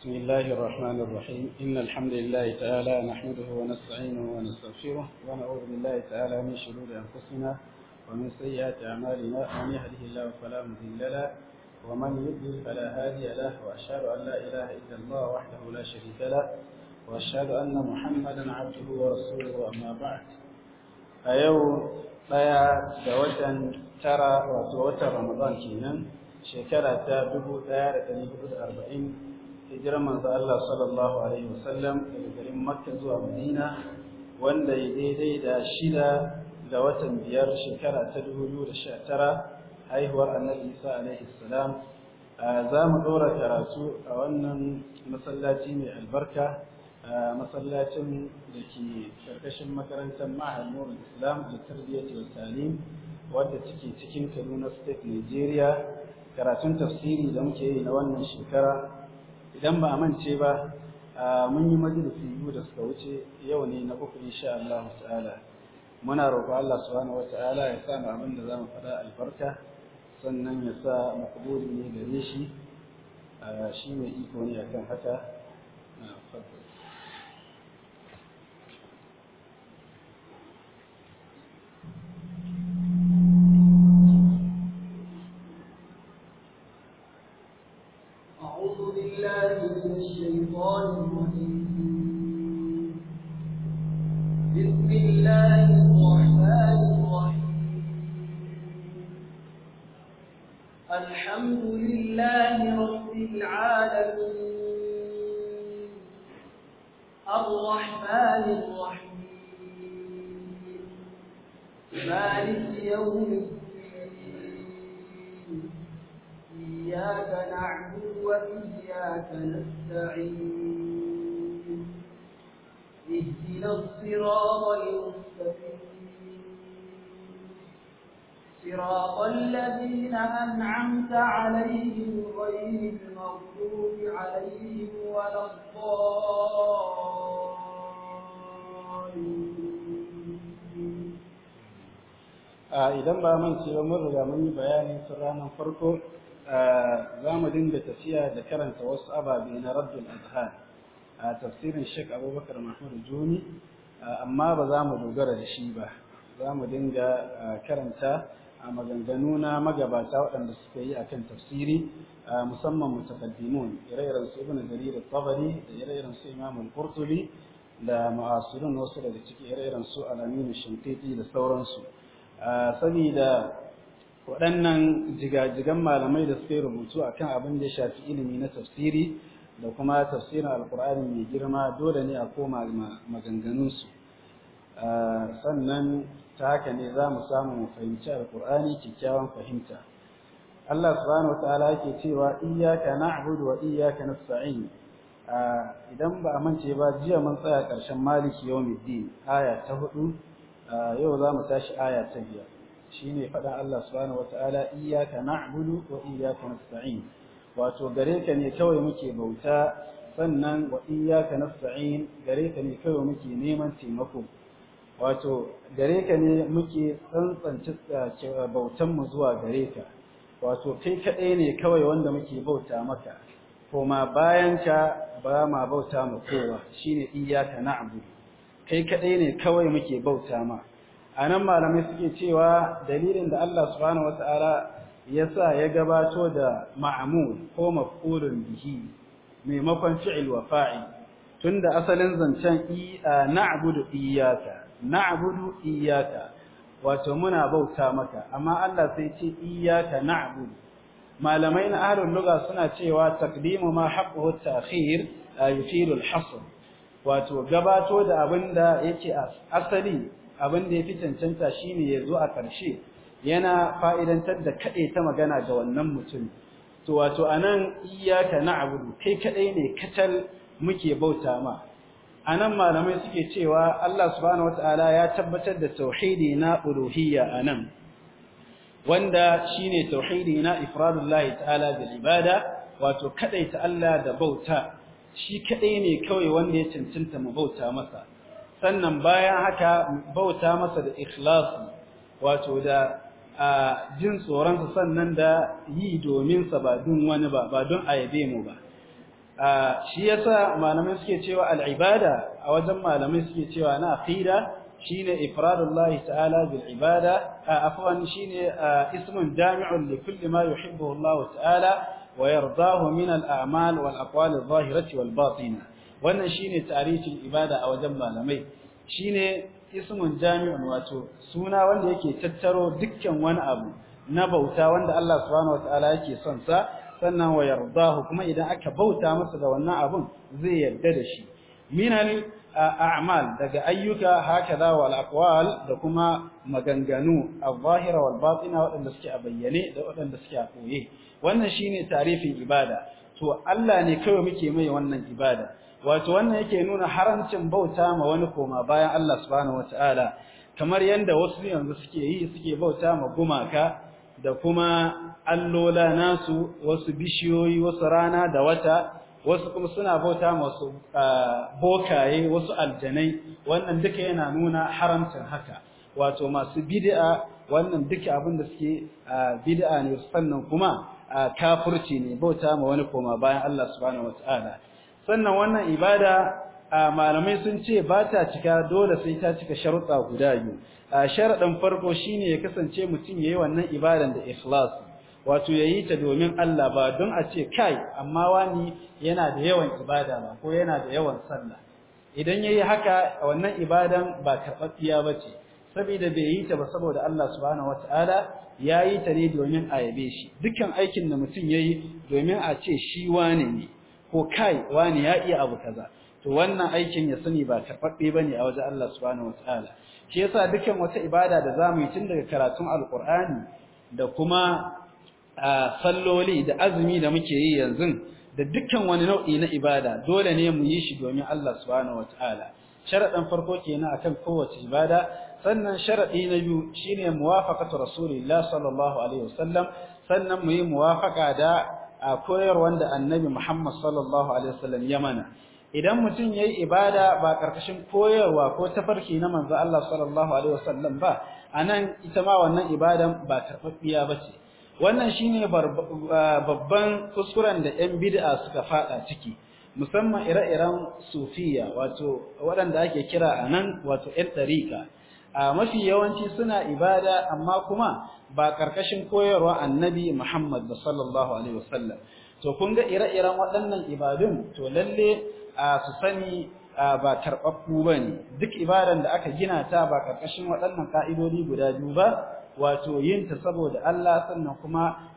بسم الله الرحمن الرحيم إن الحمد لله تعالى نحمده ونستعينه ونستغفره ونعوذ بالله تعالى من شرور أنفسنا ومن سيئات أعمالنا من يهده الله فلا مضل له ومن يضلل فلا هادي له وأشهد أن لا إله إلا الله وحده لا شريك له وأشهد أن محمدا عبده ورسوله أما بعد أيوم فيا دوتا ترى وتوتر رمضان كينا شكرا ببو دار 140 hijirar manzo Allah sallallahu alaihi wasallam daga garin Makka zuwa Madina wanda ya daidai da shida ga watan biyar shekara ta 2019 haihuwar Annabi Isa alaihi salam za mu ɗora karatu a wannan masallaci mai albarka a masallacin da ke karkashin makarantar Mahal Nurul Islam da tarbiyyar talim wadda take cikin Kaduna State Nigeria karatun tafsiri da muke yi na wannan shekara idan ba a mance ba mun yi majalisi biyu da suka wuce yau ne na uku insha Allah ta'ala muna roƙo Allah subhanahu ta'ala ya sa mu abin da mu faɗa albarka sannan ya sa makbulin ne gare shi shi mai iko ne akan haka مالك يوم الدين إياك نعبد وإياك نستعين اهدنا الصراط المستقيم صراط الذين أنعمت عليهم غير المغضوب عليهم ولا الضالين idan ba man ce ba mun riga mun yi bayani sun ranar farko za mu dinga tafiya da karanta wasu ababe na raddul azhar a tafsirin Sheikh Abubakar Mahmud Jumi amma ba za mu dogara da shi ba za mu dinga karanta a maganganu na magabata waɗanda suka yi akan tafsiri musamman mutaqaddimun ire-iren su Ibn Jarir tabari da ire-iren su Imam qurtubi da mu'asirun wasu daga ciki ire-iren su Al-Amin al da sauransu Ah, saboda waɗannan jigajigan malamai da suka yi rubutu kan abin da ya shafi ilimi na tafsiri da kuma tafsirin alkur'ani mai girma dole ne a koma maganganunsu ah, sannan ta haka ne za mu samu mu fahimci alkur'ani kyakkyawan fahimta Allah subhanahu wataala yake cewa iyyaka na'budu wa iyyaka nasta'in ah, idan ba a mance ba jiya mun tsaya ƙarshen maliki yawmiddin aya ta hudu yau za mu tashi aya ta biyar ne faɗa Allah subhanahu wataala iyyaka na'budu wa iyyaka nasta'in wato gare ka ne kawai muke bauta sannan wa iyyaka nasta'in gare ka ne kawai muke neman taimako wato gare ka ne muke tsantsanci bautan mu zuwa gare ka wato kai kaɗai ne kawai wanda muke bauta maka koma bayan ka ba ma bauta ma kowa shine iyyaka na'budu kai kaɗai ne kawai muke bauta ma A nan malamai suke cewa dalilin da Allah subhanahu wataala sa ya gabato da ma'mul ko maf'ulun bihi maimakon fi'il wa fa'il tunda asalin zancen na'budu iyyaka na'budu iyyaka wato muna bauta maka amma Allah sai ce iyaka na'budu malamai na ahlul lugha suna cewa taqdimu ma haqqu at-ta'khir yufidu al-hasr wato gabato da abin da yake asali abin da yafi cancanta shine ya zo a ƙarshe yana fa'idantar da kaɗai ta magana ga wannan mutum to wato anan iyyaka na'budu kai kaɗai ne kacal muke bauta ma anan malamai suke cewa Allah subhanahu wataala ya tabbatar da tauhidi na a nan. wanda shine tauhidi na ifradullahi ta'ala da ibada wato kadaita Allah da bauta shi kadai ne kawai wanda ya cancanta mu bauta masa sannan bayan haka bauta masa da ikhlasi wato da jin tsoronsa sannan da yi domin sa ba don wani ba ba don ayabe mu ba shi yasa malamai suke cewa al'ibada a wajen malamai suke cewa na aqida shine ifradullahi ta'ala bil ibada afwan shine ismun jami'un li kulli ma yuhibbu Allah ta'ala ويرضاه من الأعمال والأقوال الظاهرة والباطنة wannan shine tarihin ibada a wajen malamai shine ismun jami'un wato suna wanda yake tattaro dukkan wani abu na bauta wanda Allah subhanahu wataala yake son sa sannan wa yardahu kuma idan aka bauta masa da wannan abun zai yarda da shi minal a'mal daga ayyuka hakaza wal aqwal da kuma maganganu al-zahira wal batina waɗanda suke a bayyane da waɗanda suke a koye wannan shine tarifin ibada to Allah ne kawai muke mai wannan ibada wato wannan yake nuna harancin bauta ma wani koma bayan Allah subhanahu wataala kamar yanda wasu yanzu suke yi suke bauta ma gumaka da kuma allola nasu wasu bishiyoyi wasu rana da wata wasu kuma suna bauta masu bokaye wasu aljanai wannan duka yana nuna haramtar haka wato masu bid'a wannan duka abin da suke bid'a ne sannan kuma kafirci ne bauta ma wani koma bayan Allah subhanahu wataala sannan wannan ibada malamai sun ce ba ta cika dole sai ta cika sharuɗa guda biyu sharaɗin farko shine ya kasance mutum ya yi wannan ibadan da ikhlasi wato yayi ta domin Allah ba don a ce kai amma wani yana da yawan ibada ba ko yana da yawan sallah idan yayi haka wannan ibadan ba karfafiya bace saboda bai yi ta ba saboda Allah subhanahu wataala yayi ta ne domin a yabe shi dukkan aikin da mutum yayi domin a ce shi wane ne ko kai wani ya iya abu kaza to wannan aikin ya sani ba karɓaɓɓe bane a wajen Allah subhanahu wataala shi yasa dukkan wata ibada da zamu yi tun daga karatun alqur'ani da kuma salloli da azumi da muke yi yanzu da dukkan wani nau'i na ibada dole ne mu yi shi domin Allah subhanahu wataala sharadin farko kenan akan kowace ibada sannan sharadi na biyu shine muwafaqatu rasulillah sallallahu alaihi wasallam sannan mu yi muwafaqa da koyarwar da annabi Muhammad sallallahu alaihi wasallam ya mana idan mutum yayi ibada ba karkashin koyarwa ko tafarki na manzo Allah sallallahu alaihi wasallam ba anan ita ma wannan ibadan ba tarbabbiya bace wannan shine babban kuskuren da 'yan bid'a suka fada ciki musamman ire-iren sufiya wato waɗanda ake kira a nan wato yan ɗarika a mafi yawanci suna ibada amma kuma ba ƙarƙashin koyarwa annabi Muhammad da sallallahu alaihi wasallam to kun ga ire-iren waɗannan ibadun to lalle su sani ba tarɓaɓɓu ba ne duk ibadan da aka gina ta ba ƙarƙashin waɗannan ƙa'idodi guda biyu ba wato yinta ta saboda Allah sannan kuma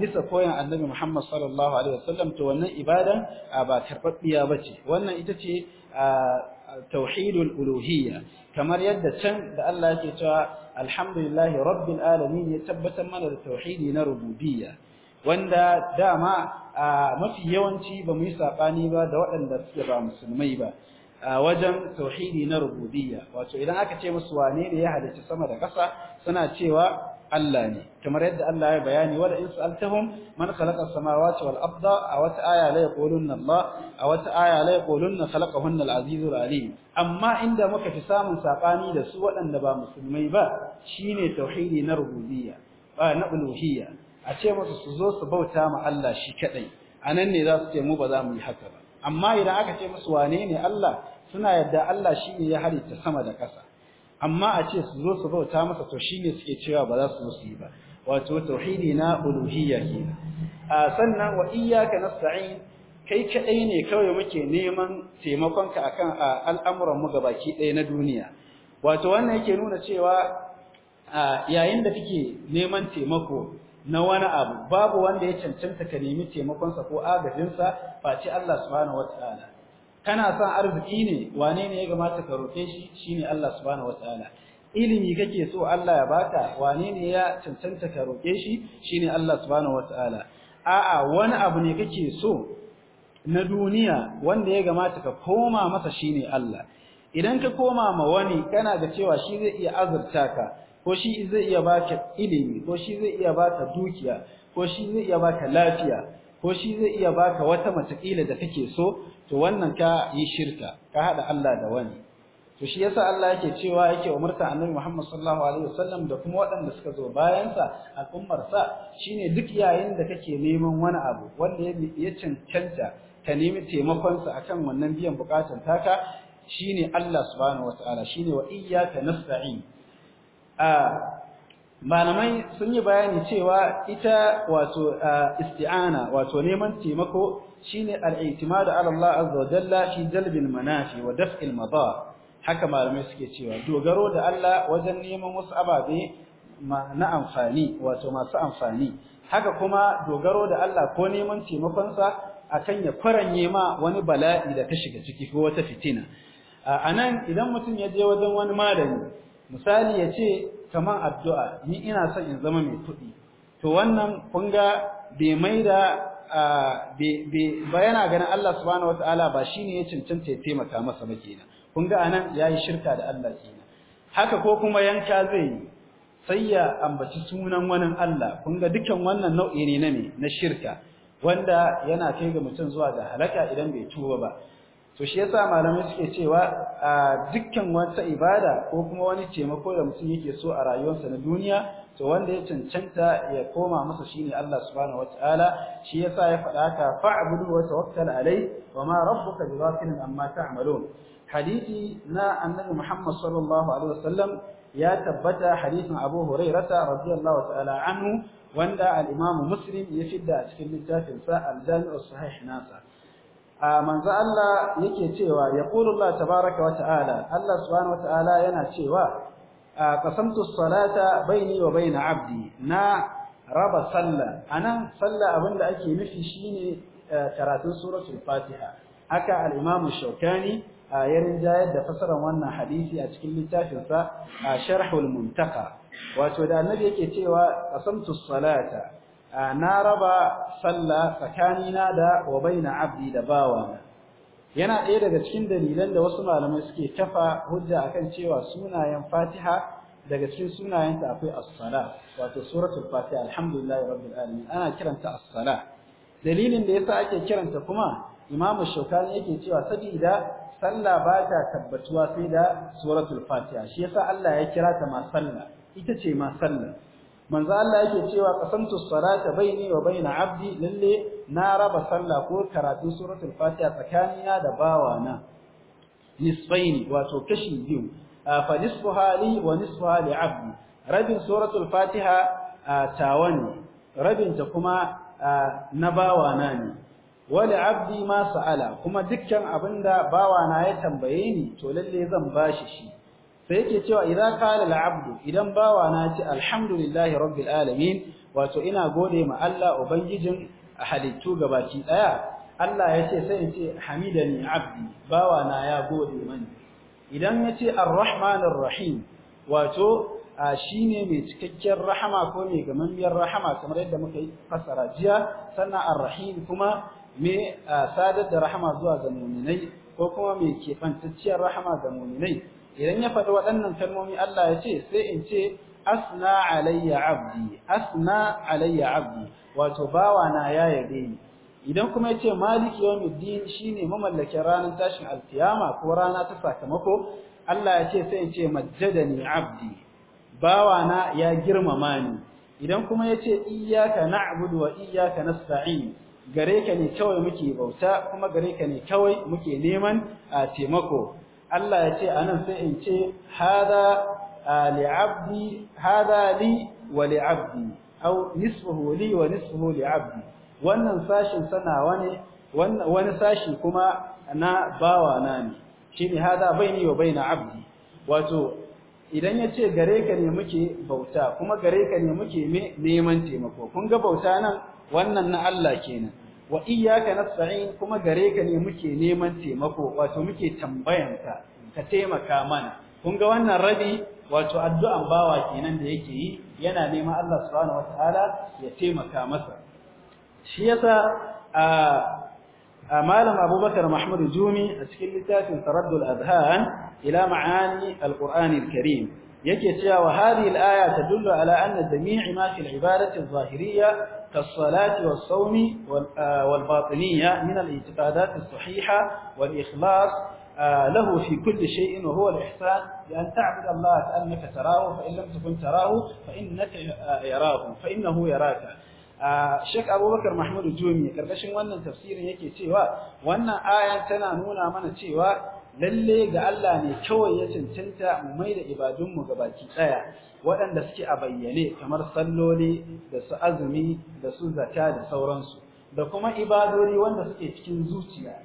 bisa koyon annabi Muhammad sallallahu alaihi wasallam to wannan ibadan ba tarbabbiya bace wannan ita ce tauhidul uluhiyya kamar yadda can da Allah yake cewa alhamdulillahi rabbil alamin ya tabbatar mana da tauhidi na rububiyya wanda dama mafi yawanci ba mu yi sabani ba da waɗanda suke ba musulmai ba wajen tauhidi na rububiyya wato idan aka ce musu wane ne ya halicci sama da ƙasa suna cewa Allah ne kamar yadda Allah ya bayani wa in sa'altahum man khalaqa as-samawati wal arda a wata aya la yaquluna Allah a wata aya la yaquluna khalaqahunna al-azizul alim amma inda muka fi samun sabani da su waɗanda ba musulmai ba shine tauhidi na rububiyya ba na uluhiyya a ce musu su zo su bauta ma Allah shi kadai anan ne za su ce mu ba za mu yi haka ba amma idan aka ce musu wane ne Allah suna yadda Allah shine ya halitta sama da ƙasa amma a ce su zo su bauta masa to shine suke cewa ba za su zo su yi ba wato tauhidi na uluhiyya kenan a sannan wa iyyaka nasta'in kai kadai ne kawai muke neman taimakonka akan al'amuran mu gabaki ɗaya na duniya wato wannan yake nuna cewa yayin da kike neman taimako na wani abu babu wanda ya cancanta ka nemi taimakonsa ko agajinsa face Allah subhanahu wataala kana son arziki ne wane ne ya gamata ka roke shi shine Allah subhanahu wataala ilimi kake so Allah ya baka wane ne ya cancanta ka roƙe shi shine Allah subhanahu wataala a'a wani abu ne kake so na duniya wanda ya gamata ka koma masa shine Allah idan ka koma ma wani kana ga cewa shi zai iya azurta ka ko shi zai iya baka ilimi ko shi zai iya baka dukiya ko shi zai iya baka lafiya ko shi zai iya baka wata mace kila da kake so to wannan ka yi shirka ka hada Allah da wani to shi yasa Allah yake cewa yake umarta Annabi Muhammad sallallahu alaihi wasallam da kuma waɗanda suka zo bayan sa al'ummar sa shine duk yayin da kake neman wani abu wanda ya cancanta ka nemi taimakon sa akan wannan biyan bukatun taka shine Allah subhanahu wataala shine wa iyyaka nasta'in a ah, malamai sun yi bayani cewa ita wato isti'ana wato neman taimako shine al-i'timadu ala Allah azza wa jalla fi jalbil manafi wa daf'il madar haka malamai suke cewa dogaro da Allah wajen neman wasu ababe na amfani wato masu amfani haka kuma dogaro da Allah ko neman taimakon sa akan ya faranye ma wani bala'i da ta shiga ciki ko wata fitina anan idan mutum ya je wajen wani malami misali ya ce kaman addu'a ni ina son in zama mai kuɗi to wannan kun ga bai maida ba yana ganin Allah subhanahu wataala ba shine ya cancanta ya taimaka masa ba kenan kun ga anan yayi shirka da Allah kenan haka ko kuma yanka zai yi sai ya ambaci sunan wani Allah kun ga dukan wannan nau'i ne na ne na shirka wanda yana kai ga mutum zuwa ga halaka idan bai tuba ba to shi yasa malamai suke cewa a dukkan wata ibada ko kuma wani taimako da mutum yake so a rayuwarsa na duniya to wanda ya cancanta ya koma masa shine Allah subhanahu wataala shi yasa ya faɗa ka fa'budu wa tawakkal alai wa ma rabbuka bighafilin amma ta'malun hadisi na annabi Muhammad sallallahu alaihi wasallam ya tabbata hadisin Abu Hurairah radiyallahu ta'ala anhu wanda al-Imam Muslim ya fidda a cikin littafin sa al-Jami' sahih nasa a ah, manzo Allah yake cewa yaqulu Allah tabaaraka wa ta'ala Allah subhanahu wa ta'ala yana cewa ah, qasamtu as-salata baini wa baina 'abdi na raba sallah anan sallah abinda ake nufi shine eh, karatun suratul fatiha haka al-imam shaukani ah, ya rinjayar da fasaran wannan hadisi a cikin littafinsa sharhul muntaka wato da annabi yake cewa qasamtu as-salata na raba sallah tsakanina da wa baina abdi da bawa yana ɗaya daga cikin dalilan da wasu malamai suke tafa hujja a kan cewa sunayen Fatiha daga cikin sunayen ta akwai as-sala wato suratul Fatiha alhamdulillahi rabbil alamin ana kiranta as dalilin da yasa ake kiranta kuma imamu shaukani yake cewa saboda sallah ba ta tabbatuwa sai da suratul Fatiha shi yasa Allah ya kira ta ma sallah ita ce ma sallah manzo Allah yake cewa qasamtu salata baini wa baina abdi lalle na raba sallah ko karatu suratul fatiha tsakanina da bawana nisbaini wato kashi biyu fa nisfu hali wa nisfu hali abdi rabin suratul fatiha tawani rabin ta kuma na bawana ne wali abdi ma sa'ala kuma dukkan abinda bawana ya tambaye ni to lalle zan bashi shi sai yake cewa idza qala al-abdu idan bawa na ce alhamdulillahi rabbil alamin wato ina gode ma Allah ubangijin halittu gabaki daya Allah ya ce sai in ce hamidani abdi bawa na ya gode mani idan yace ce ar wato rahim wato shine mai cikakken rahama ko mai miyar rahama kamar yadda muka yi fasara jiya sannan arrahim rahim kuma me sadar da rahama zuwa ga mu'minai ko kuma mai kefantacciyar rahama ga mu'minai idan ya faɗi waɗannan kalmomi Allah ya ce sai in ce asna alayya abdi asna alayya abdi wato bawa na ya yabe ni idan kuma yace maliki yawmiddin shine mamallakin ranar tashin alkiyama ko rana ta sakamako Allah ya ce sai in ce majjadani abdi bawa na ya girmama ni idan kuma yace iyyaka na'budu wa iyyaka nasta'in gare ka ne kawai muke bauta kuma gare ka ne kawai muke neman a taimako Allah ya ce anan sai in ce hada li wa li wa au aw nisfuhu li wa nisfuhu abdi wannan sashin sana ne wani sashi kuma na bawa na ne shine hada baini wa baina abdi wato idan ya ce gare ka ne muke bauta kuma gare ka ne muke neman taimako kun ga bauta nan wannan na Allah kenan wa iyyaka nasta'in kuma gare ka ne muke neman taimako wato muke tambayanka ka taimaka mana kun ga wannan rabi wato addu'an bawa kenan da yake yi yana neman Allah subhanahu wataala ya taimaka masa shi yasa a malam Abubakar Mahmud Jumi a cikin littafin Taraddul Adhan ila ma'ani al karim yake cewa hadhihi al-aya tadullu ala anna jami'i ma fi al-ibadati adh-dhahiriyya كالصلاة والصوم آه، والباطنية من الاعتقادات الصحيحة والإخلاص آه، له في كل شيء وهو الإحسان بأن تعبد الله كأنك تراه فإن لم تكن تراه فإنك آه، يراه فإنه يراك Sheikh Abubakar Mahmud Jumi karkashin wannan tafsirin yake cewa wannan ayan tana nuna mana cewa lalle ga Allah ne kawai ya cancanta mu mai da ibadunmu ga baki daya waɗanda suke a bayyane kamar salloli da su azumi da su zakka da sauransu da kuma ibadori wanda suke cikin zuciya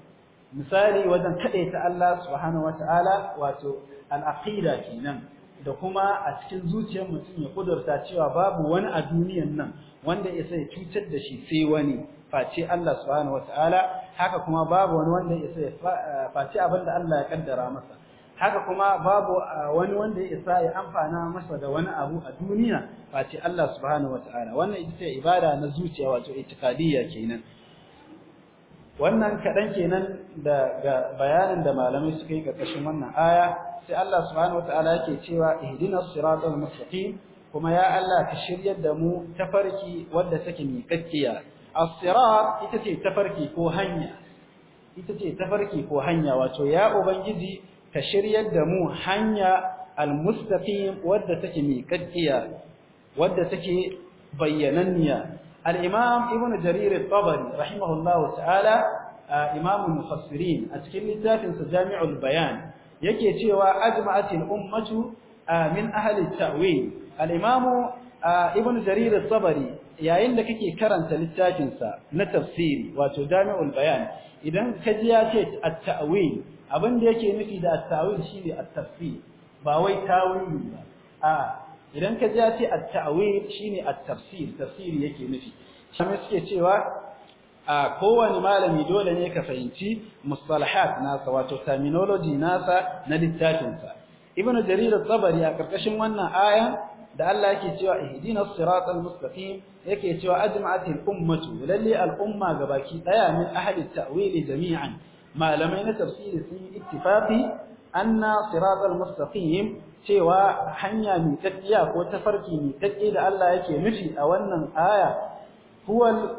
misali wajen kaɗaita Allah subhanahu wata'ala wato al-aqida kenan da kuma a cikin zuciyar mutum ya kudurta cewa babu wani a duniyan nan wanda ya sai cutar da shi sai wani face Allah subhanahu wataala haka kuma babu wani wanda ya sai eh, face abinda Allah ya kaddara masa haka kuma babu eh, wani wanda ya isa ya amfana masa da wani abu a duniya face Allah subhanahu wataala wannan ita ce ibada na zuciya wato itikadiyya kenan wannan kadan kenan da bayanin da malamai suka yi ga kashin wannan aya sai Allah subhanahu wataala yake cewa ihdinas siratal mustaqim kuma ya Allah ka shiryar da mu tafarki wadda take miƙakkiya as-sirat ita ce tafarki ko hanya ita ce tafarki ko hanya wato ya ubangiji ka shiryar da mu hanya al-mustaqim wadda take miƙakkiya wadda take bayyananniya al-imam ibnu jarir at-tabari rahimahullahu ta'ala imamul mufassirin a cikin littafin sa jami'ul bayan yake cewa ajma'atil ummatu ah, min ahli at-ta'wil al-imamu ah, ibn jarir as-sabri yayin da kake karanta littafin sa na tafsiri wato jami'ul bayan idan kaji ya ce at-ta'wil abin da yake nufi da at-ta'wil shine at-tafsir ba wai tawili ba a idan kaji ya ce at-ta'wil shine at-tafsir tafsiri yake nufi shi suke cewa a kowane malami dole ne ka fahimci mustalahat nasa wato terminology nasa na littafinsa ibnu jarir sabari a karkashin wannan aya da Allah yake cewa ihdinas siratal mustaqim yake cewa ajma'atil ummatu lalli al-umma gabaki daya min ahli at-ta'wili jami'an malamai na tafsiri sun yi ittifaqi anna siratal mustaqim cewa hanya miƙaƙƙiya ko tafarki miƙaƙƙi da Allah yake nufi a wannan aya هو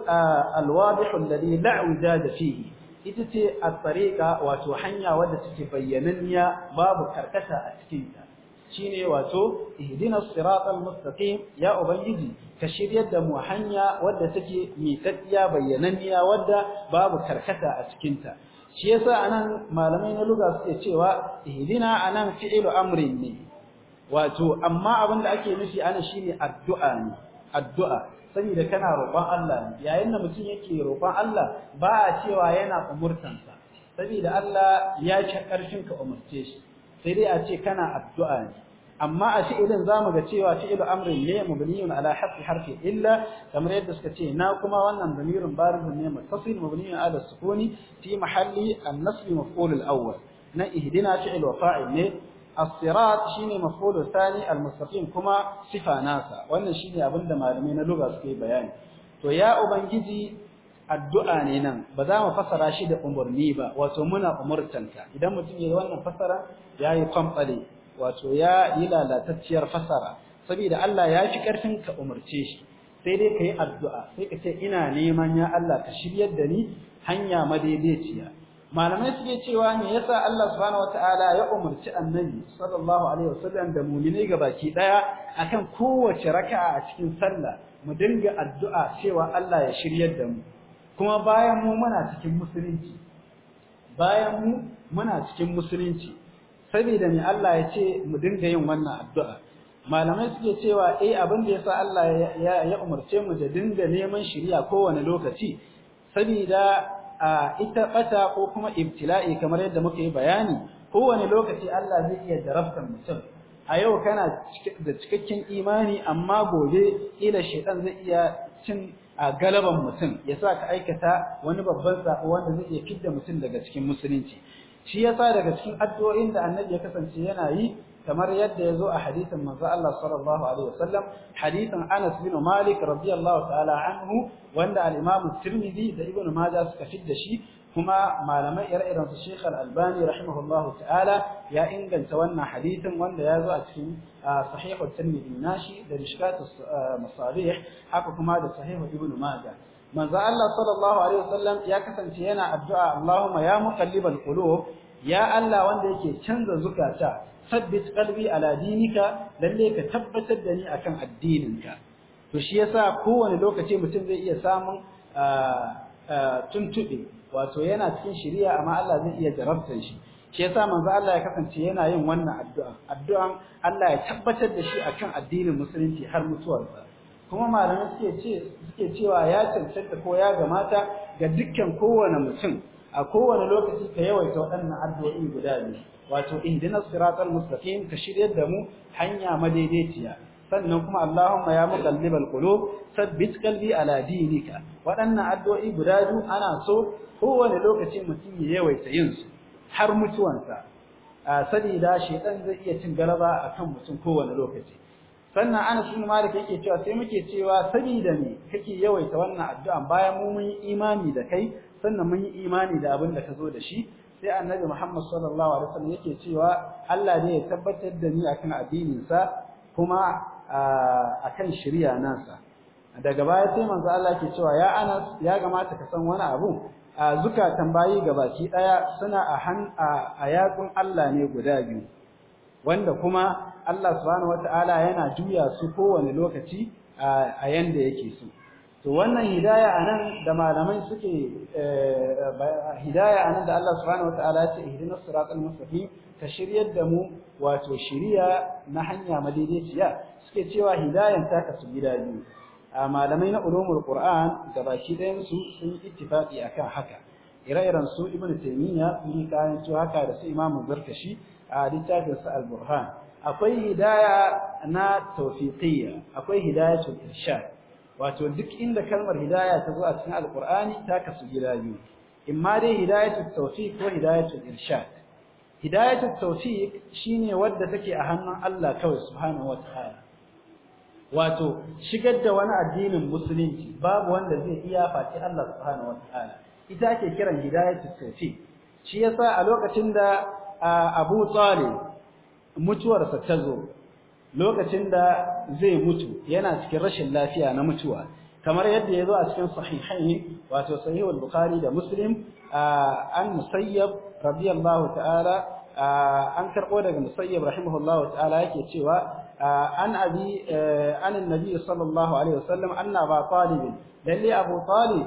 الواضح الذي لا عداد فيه ita ce a tsareka wato hanya wadda take bayyananniya babu karkata a cikinta shine wato ihdinas siratal mustaqim ya ubangiji ka shiryar da mu hanya wadda take miƙaddiya bayyananniya wadda babu karkata a cikinta shi yasa anan malamai na luga suke cewa ihdina anan fi'lu amrin ne wato amma abin da ake nufi anan shine addu'a ne addu'a saboda kana roƙon Allah yayin da mutum yake roƙon Allah ba a cewa yana umurtansa saboda Allah ya ci ƙarfin ka umurce shi sai dai a ce kana addu'a ne amma a fi'ilin zamu ga cewa fi'ilu amrin ne mabniyun ala harfi harfi illa kamar yadda suka ce na kuma wannan damirun barizun ne muttasil mabniyun ala sukuni fi mahalli an-nasb maf'ul al-awwal na ihdina fi'il wa fa'il ne as shine maf'ul Sani al-mustaqim kuma sifa wannan shine abinda malamai na lugha suke bayani to ya ubangiji addu'a ne nan ba za mu fasara shi da umurni ba wato muna umurtanka idan mutum yayi wannan fasara yayi kwamfale wato ya yi lalatacciyar fasara saboda Allah ya fi karfin ka umurce shi sai dai kai addu'a sai ka ce ina neman ya Allah ka shiryar da ni hanya madaidaiciya malamai suke cewa me yasa Allah subhanahu wataala ya umarci annabi sallallahu alaihi wasallam da mu'mini baki daya akan kowace raka'a a cikin sallah mu dinga addu'a cewa Allah ya shiryar da mu kuma bayan mu muna cikin musulunci bayan mu muna cikin musulunci saboda me Allah ya ce mu dinga yin wannan addu'a malamai suke cewa eh abin da yasa Allah ya umarce mu da dinga neman shiriya kowane lokaci saboda A ita ɓata ko kuma ibtila'i kamar yadda muka yi bayani kowane lokaci Allah zai iya jarabtar mutum a yau kana da cikakken imani amma gobe ila shaitan zai iya cin a galaban mutum ya sa ka aikata wani babban sako wanda zai iya fidda mutum daga cikin musulunci shi yasa daga cikin addu'o'in da annabi ya kasance yana yi kamar yadda yazo a hadisin manzo Allah sallallahu alaihi wasallam hadisin Anas bin Malik radiyallahu ta'ala anhu wanda al-Imam Tirmidhi da Ibn Majah suka fidda shi kuma malamai ire-iren su Sheikh Al-Albani rahimahullahu ta'ala ya inganta wannan hadisin wanda yazo a cikin Sahih Tirmidhi nashi da Rishkat Masarih haka kuma da Sahih Ibn Majah manzo Allah sallallahu alaihi wasallam ya kasance yana addu'a Allahumma ya muqallibal qulub ya Allah wanda yake canza zukata sabbit qalbi ala dinika lalle ka tabbatar da ni akan addininka to shi yasa kowane lokaci mutum zai iya samun ah, ah, tuntube wato yana cikin shari'a amma Allah zai iya jarabtar shi shi yasa manzo Allah ya kasance yana yin wannan addu'a addu'an Allah ya tabbatar da shi akan addinin musulunci har mutuwarsa kuma malamai suke ce suke cewa ya cancanta ko ya gamata ga dukkan kowane mutum a kowane lokaci ka yawaita waɗannan addu'o'i guda biyu wato ihdinas siratal mustaqim ka shiryar da mu hanya madaidaiciya sannan kuma Allahumma ya muqallibal qulub sabbit qalbi ala dinika waɗannan addu'o'i guda biyu ana so kowane lokaci mutum ya yawaita yin su har mutuwansa sabida shedan zai iya cin galaba akan mutum kowane lokaci sannan ana bin Malik yake cewa sai muke cewa sabida ne kake yawaita wannan addu'a bayan mu mun imani da kai sannan mun yi imani da abin da ka zo da shi sai annabi Muhammad sallallahu alaihi wasallam yake cewa Allah ne ya tabbatar da ni akan addinin kuma akan shari'a nansa daga baya sai manzo Allah ke cewa ya Anas ya gamata ka san wani abu a tambayi ga gabaki daya suna a han a yakun Allah ne guda biyu wanda kuma Allah subhanahu wataala yana juya su kowane lokaci a yanda yake so to wannan hidaya anan da malamai suke eh, hidaya anan da Allah subhanahu wataala ya ce ihdinas siratal mustaqim ka shiryar da mu wato shiriya na hanya madaidaiciya suke cewa hidayan ta kasu gida biyu a malamai na ulumul qur'an baki ɗayan su sun ittifaqi akan haka ire-iren su ibn taymiya kayan karanto haka da su imamu zarkashi a littafin sa al-burhan akwai hidaya na tawfiqiyya akwai hidayatul irshad wato duk inda kalmar hidaya ta zo a cikin alqur'ani ta kasu gida biyu imma dai hidayatu tawfiq ko hidayatu irshad hidayatu tawfiq shine wadda take a hannun Allah kawai subhanahu wataala wato shigar da wani addinin musulunci babu wanda zai iya faci Allah subhanahu wataala ita ake kiran hidayatu tawfiq shi yasa a lokacin da Abu Talib mutuwarsa ta zo lokacin da zai mutu yana cikin rashin lafiya na mutuwa kamar yadda ya zo a cikin sahihai, wato sahih al-bukhari da muslim an musayyab radiyallahu ta'ala an karbo daga musayyab rahimahullahu ta'ala yake cewa an abi e, an annabi sallallahu alaihi wasallam anna ba talib lalle abu talib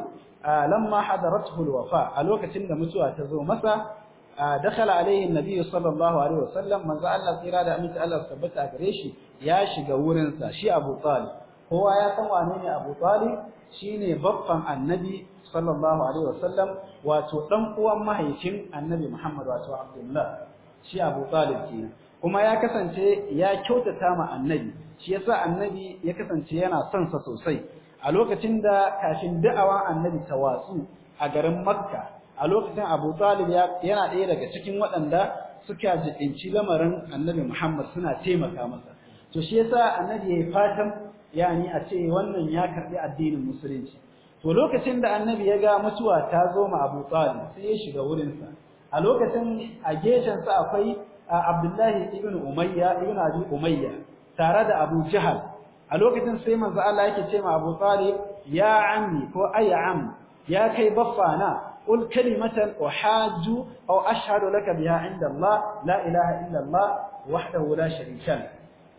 lamma hadarathu al-wafa a lokacin da mutuwa ta zo masa A dakhala alaihi annabi sallallahu alaihi wasallam manzo Allah Sira da aminci Allah tabbata gare shi ya shiga wurinsa sa shi Abu Talib kowa ya san wane ne Abu Talib shine babban annabi sallallahu alaihi wasallam wato dan uwan mahaifin annabi Muhammad wato Abdullah shi Abu Talib kenan kuma ya kasance ya kyautata ma annabi shi yasa annabi ya kasance yana sonsa sosai a lokacin da kashin da'awa annabi ta watsu a garin Makka a lokacin Abu Talib yana ɗaya daga cikin waɗanda suka jiɗinci lamarin Annabi Muhammad suna taimaka masa to shi yasa Annabi ya yi fatan yani a ce wannan ya karɓi addinin musulunci to lokacin da Annabi ya ga mutuwa ta zo ma Abu Talib sai ya shiga wurinsa, a lokacin a geshen sa akwai Abdullahi ibn Umayya ibn Abi Umayya tare da Abu Jahal a lokacin sai manzo Allah yake ce ma Abu Talib ya ammi ko ay am ya kai baffana قل كلمة أحاج أو أشهد لك بها عند الله لا إله إلا الله وحده لا شريك له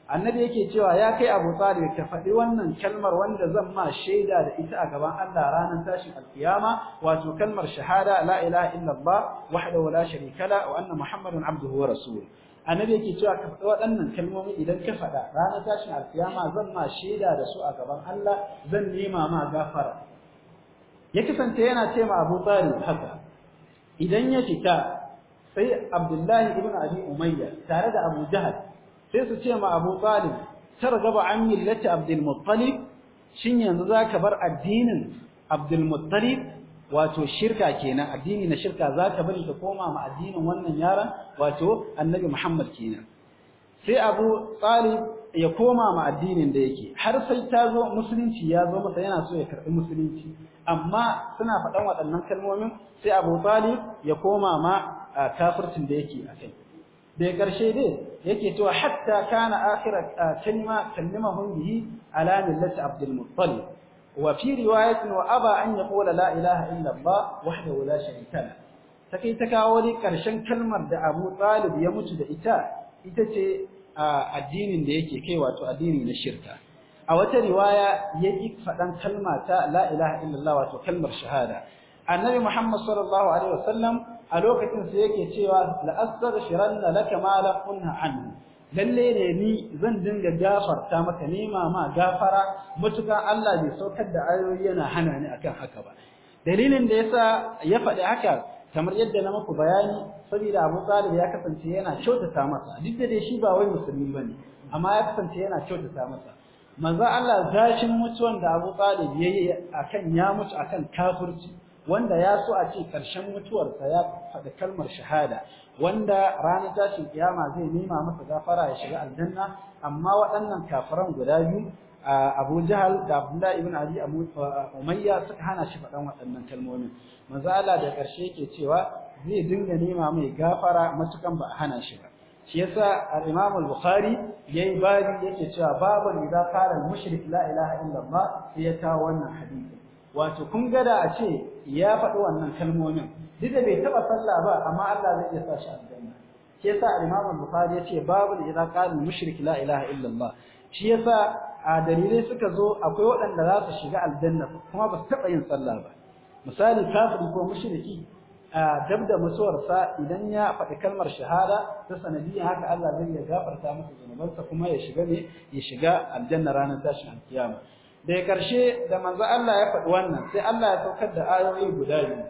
annabi yake cewa ya kai Abu Talib ka faɗi wannan kalmar wanda zan ma shaida da ita a gaban Allah ranar tashin alkiyama wato kalmar shahada la ilaha illallah wahdahu la sharika la wa anna muhammadan abduhu wa rasuluhu annabi yake cewa ka faɗi waɗannan kalmomi idan ka faɗa ranar tashin alkiyama zan ma shaida da su a gaban Allah zan nema ma gafara ya kasance yana ce ma Abu Tsari haka idan ya fita sai Abdullahi ibn Abi Umayya tare da Abu sai su ce ma Abu Talib targaba an millati Abdul Muttalib shin yanzu zaka bar addinin Abdul Muttalib wato shirka kenan addini na shirka zaka bari ka koma ma addinin wannan yaran wato Annabi Muhammad kenan sai Abu Tsari. ya koma ma addinin da yake har sai ta zo musulunci ya zo masa yana so ya karɓi musulunci amma suna faɗan waɗannan kalmomin sai Abu Talib ya koma ma kafircin da yake a kai Bai ƙarshe dai yake cewa hatta kana akhira kalma kallimahum bihi ala millati Abdul Muttalib wa fi riwayatin wa aba an yaqula la ilaha illa Allah wahdahu la sharika lahu take ta kawo dai ƙarshen kalmar da Abu Talib ya mutu da ita ita ce addinin da yake kai wato addini na shirka a wata riwaya yake fadan kalma ta la ilaha illallah wato kalmar shahada annabi muhammad sallallahu alaihi wasallam a lokacin sa yake cewa la astaghfiranna laka ma la kunna anhu lalle ne ni zan dinga gafarta maka nema ma gafara mutuka Allah bai saukar da ayoyi yana hana ni akan haka ba dalilin da yasa ya faɗi haka kamar yadda na muku bayani saboda Abu Talib ya kasance yana kyautata masa duk da dai shi ba wai musulmi bane amma ya kasance yana kyautata masa manzo Allah zashin mutuwan da Abu Talib yayi akan ya mutu akan kafirci wanda ya so a ce karshen mutuwarsa ya faɗi kalmar shahada wanda ranar tashin kiyama zai nema masa gafara ya shiga aljanna amma waɗannan kafiran guda biyu Abu Jahal da Abdullah ibn Abi Abu Umayya suka hana shi faɗan waɗannan kalmomin manzo Allah da ƙarshe yake cewa zai dinga nema mai gafara matukan ba a hana shi ba shi yasa al-Imam al-Bukhari yayi babi yake cewa babu idza qala al-mushrik la ilaha illa sai ya kawo wannan hadisi wato kun ga da a ce ya faɗi wannan kalmomin duk da bai taɓa sallah ba amma Allah zai iya sa shi aljanna shi yasa al-Imam al-Bukhari yace babu idza qala al-mushrik la ilaha illa shi yasa a dalilai suka zo akwai waɗanda za su shiga aljanna kuma ba su taɓa yin sallah ba misali kafin ko mushriki a dab da mutuwarsa idan ya faɗi kalmar shahada ta sanadiyar haka Allah zai ya gafarta masa zunubansa kuma ya shiga ne ya shiga aljanna ranar tashin alkiyama da ya karshe da manzo Allah ya faɗi wannan sai Allah ya saukar da ayoyi guda biyu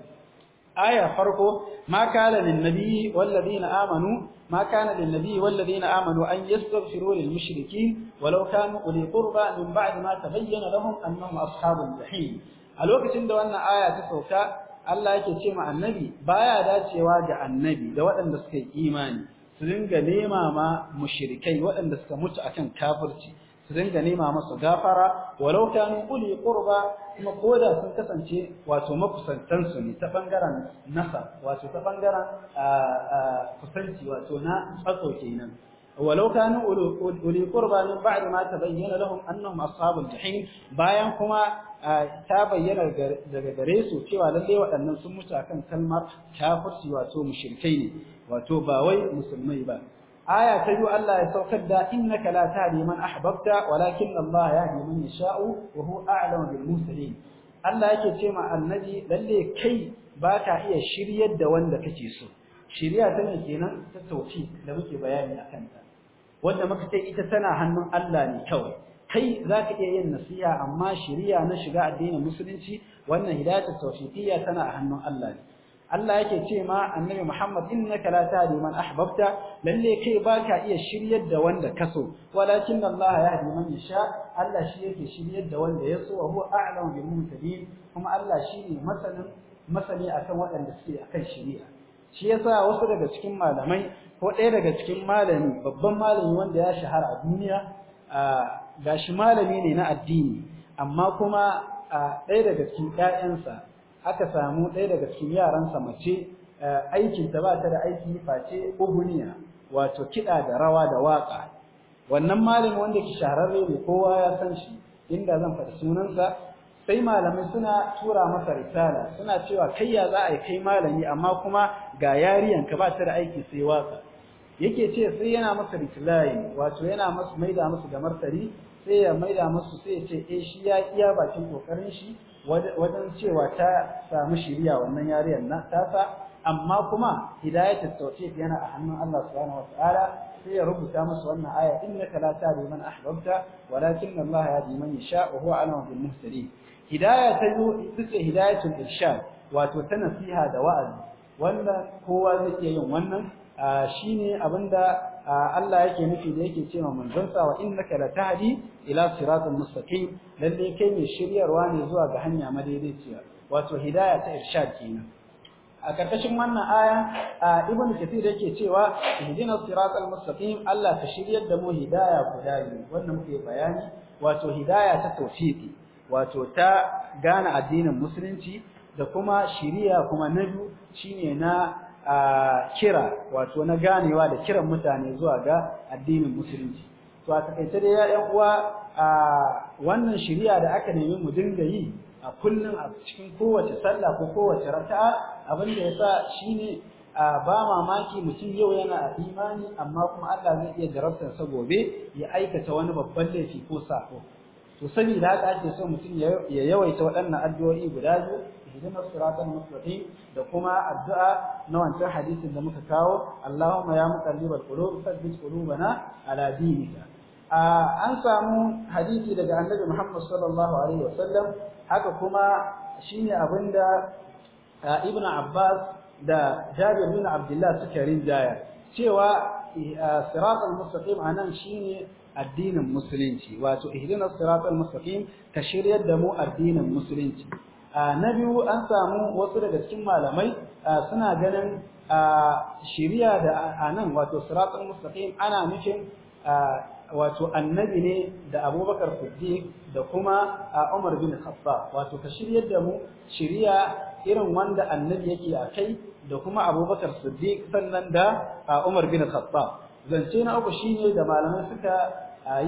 aya farko ma kana lin nabi wal ladina amanu ma kana lin nabi wal ladina amanu an yastaghfiru lil mushrikeen walau kanu uli qurba min ba'd ma tabayyana lahum annahum ashabul jahim a lokacin da wannan aya ta sauka Allah yake ce ma annabi baya dacewa ga annabi da waɗanda suka yi imani su dinga nema ma mushrikai waɗanda suka mutu akan kafirci su dinga nema masa gafara walau kanu uli qurba kuma koda sun kasance wato makusantan su ne ta bangaren nasa wato ta bangaren kusanci wato na tsatso kenan walau kanu uli qurba min ba'd ma tabayyana lahum annahum ashabul jahim bayan kuma ta bayyana daga gare su cewa lalle waɗannan sun mutu akan kalmar kafirci wato mushrikai ne wato ba wai musulmai ba aya ta biyu Allah ya saukar da innaka la tahdi man ahbabta walakin Allah yahdi man yasha'u wa huwa a'lamu bil mursalin Allah yake ce ma annabi lalle kai ka iya shiryar da wanda kake so shiriya ta ne kenan ta tauhid da muke bayani akan ta wanda muka ce ita tana hannun Allah ne kawai kai zaka iya yin nasiha amma shiriya na shiga addinin musulunci wannan hidayatu tauhidiyya tana a hannun Allah ne Allah yake ce ma annabi Muhammad innaka la tahdi man ahbabta lalle kai baka iya shiryar da wanda kaso walakin Allah yahdi man yasha Allah shi yake shiryar da wanda yaso wa huwa a'lamu bil muhtadin kuma Allah shine masanin masani akan waɗanda suke akan shiriya shi yasa wasu daga cikin malamai ko ɗaya daga cikin malami babban malami wanda ya shahara a duniya gashi malami ne na addini amma kuma ɗaya daga cikin ƴaƴansa aka samu ɗaya daga cikin yaransa mace eh, aikin ta ba ta da aiki face uguniya wato kiɗa da rawa da waƙa wannan malin wanda ki shahararre ne kowa ya san shi inda zan faɗi sunansa sai malamai suna tura masa risala suna cewa kai ya za a kai malami amma kuma ga yariyan ka ba ta da aiki sai waƙa yake ce sai yana masa reply wato yana masa maida masa da martari sai ya maida masa sai ya ce eh shi ya iya bakin kokarin shi wajen cewa ta samu shiriya wannan yariyar na tasa amma kuma hidayatul tawfiq yana a hannun Allah subhanahu wataala sai ya rubuta musu wannan aya innaka la tahdi man ahbabta walakin Allah yahdi man yasha wa huwa alamu bil muhtadin hidaya ta yi tace hidayatul irshad wato ta nasiha da wa'azi wanda kowa zai iya yin wannan shine abinda Allah yake nufi da yake cewa manzon sa wa innaka la tahdi ila siratal mustaqim Lallai kai mai shiryarwa ne zuwa ga hanya madaidaiciya wato hidaya ta irshad kenan a karkashin wannan aya ibnu kathir yake cewa ihdina siratal mustaqim Allah ta shiryar da mu hidaya guda biyu wannan muke bayani wato hidaya ta tawfiqi wato ta gane addinin musulunci da kuma shiriya kuma na biyu shine na kira wato na ganewa da kiran mutane zuwa ga addinin musulunci to a takaice dai ya'yan uwa a wannan shirya da aka nemi mu dinga yi a kullum a cikin kowace sallah ko kowace rata'a, abin da yasa shine ba mamaki mutum yau yana a imani amma kuma Allah zai iya jarabtar sa gobe ya aikata wani babban laifi ko sako to da haka ake so mutum ya yawaita waɗannan addu'o'i guda biyu hidimar siratal mustaqim da kuma addu'a na wancan hadisin da muka kawo Allahumma ya muqallibal qulub thabbit qulubana ala dinika an samu hadisi daga annabi Muhammad sallallahu alaihi wasallam haka kuma shine abinda Ibn Abbas da Jabir bin Abdullah suka rinjaya cewa siratal mustaqim anan shine addinin musulunci wato ihdina siratal mustaqim ta shiryar da mu addinin musulunci na biyu an samu wasu daga cikin malamai suna ganin shiriya da anan wato siratal mustaqim ana nufin wato annabi ne da abubakar siddiq da kuma umar bin khattab wato ka shiryar da mu shiriya irin wanda annabi yake a kai da kuma abubakar siddiq sannan da umar bin khattab zance na uku shine da malamai suka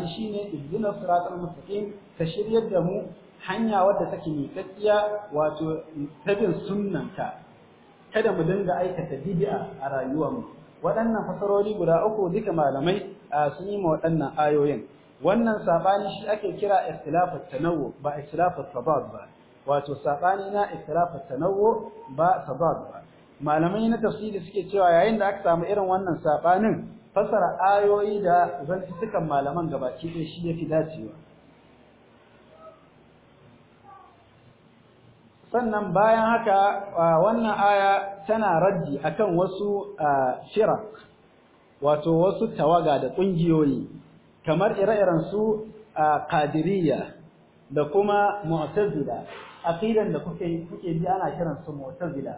yi shine ihdina siratal mustaqim ka shiryar da mu hanya wadda take miƙaƙiya wato tabin sunnanka kada mu dinga aikata bid'a a rayuwarmu waɗannan fasarori guda uku duka malamai sun yi ma waɗannan ayoyin wannan saɓani shi ake kira ikhtilafut tanawwu ba ikhtilafut tadad ba wato saɓani na ikhtilafut tanawwu ba tadad ba malamai na tafsiri suke cewa yayin da aka samu irin wannan saɓanin, fasara ayoyi da zantukan malaman gabaki ɗaya shi yafi dacewa sannan bayan haka wannan aya tana raddi akan wasu shirak wato wasu tawaga da kungiyoyi kamar ire-iren su qadiriyya da kuma mu'tazila aqidan da kuke kuke ji ana kiran su mu'tazila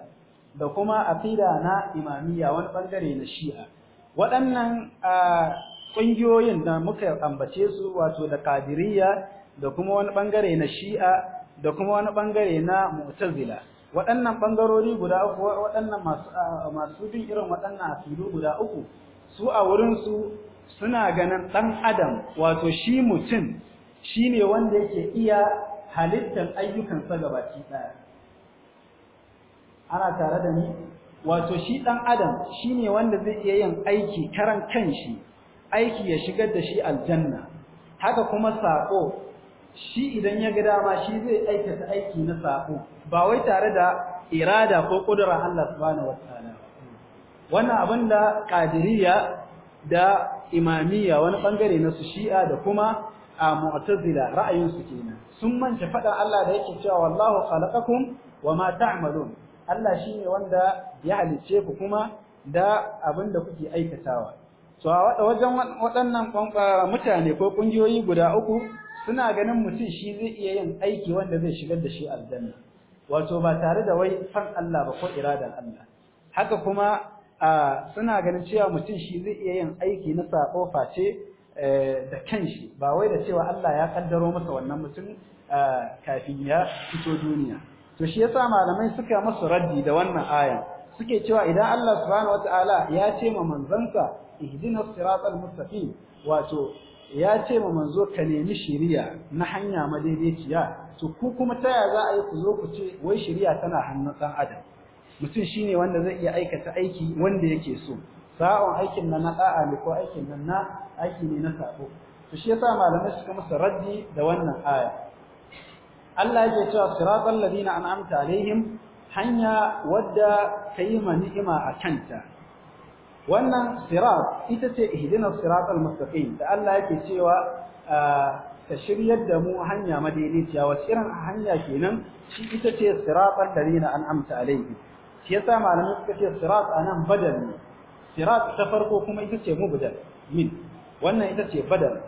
da kuma aqida na imamiyya wani bangare na shi'a waɗannan kungiyoyin da muka ambace su wato da qadiriyya da kuma wani bangare na shi'a da kuma wani bangare na mu'tazila waɗannan bangarori guda uku waɗannan masu masu bin irin waɗannan asiru guda uku su a wurinsu suna ganin dan adam wato shi mutum shine wanda yake iya halittar ayyukansa gabaki daya ana tare da ni wato shi ɗan adam shine wanda zai iya yin aiki karan shi, aiki ya shigar da shi aljanna haka kuma sako shi idan ya ga dama shi zai aikata aiki na sako ba wai tare da irada ko kudura Allah subhanahu wataala wannan abin da qadiriyya da imamiyya wani bangare na su shi'a da kuma a mu'tazila ra'ayin su kenan sun manta fada Allah da yake cewa wallahu khalaqakum wama ta'malun Allah shine wanda ya halice ku kuma da abin da kuke aikatawa so a wajen waɗannan mutane ko kungiyoyi guda uku suna ganin mutum shi zai iya yin aiki wanda zai shigar da shi aljanna wato ba tare da wai san Allah ba ko iradan Allah haka kuma suna ganin cewa mutum shi zai iya yin aiki na sako face e, da kanshi ba wai da cewa Allah ya kaddaro masa wannan mutum kafin ya fito duniya to shi yasa malamai suka masa raddi da wannan aya suke cewa idan Allah subhanahu wataala ya ce ma manzansa ihdinas siratal mustaqim wato ya ce ma manzo ka nemi shiriya na hanya madaidaiciya to ku kuma ta yaya za a yi ku zo ku ce wai shiriya tana hannun dan adam mutum shine wanda zai iya aikata aiki wanda yake so sa'on aikin nan na da'a ne ko aikin nan na aiki ne na sabo to shi yasa malamai suka masa raddi da wannan aya Allah yake cewa siratal ladina an'amta alaihim hanya wadda kayi ma ni'ima a kanta wannan sirat ita ce ihdinas siratal mustaqim da Allah yake cewa ah, ka shiryar da mu hanya madaidaiciya wace irin hanya kenan shi ita ce siratal ladina an'amta alaihim shi yasa malamai suka ce sirat anan badal ne sirat ta farko kuma ita ce mubdal min wannan ita ce badal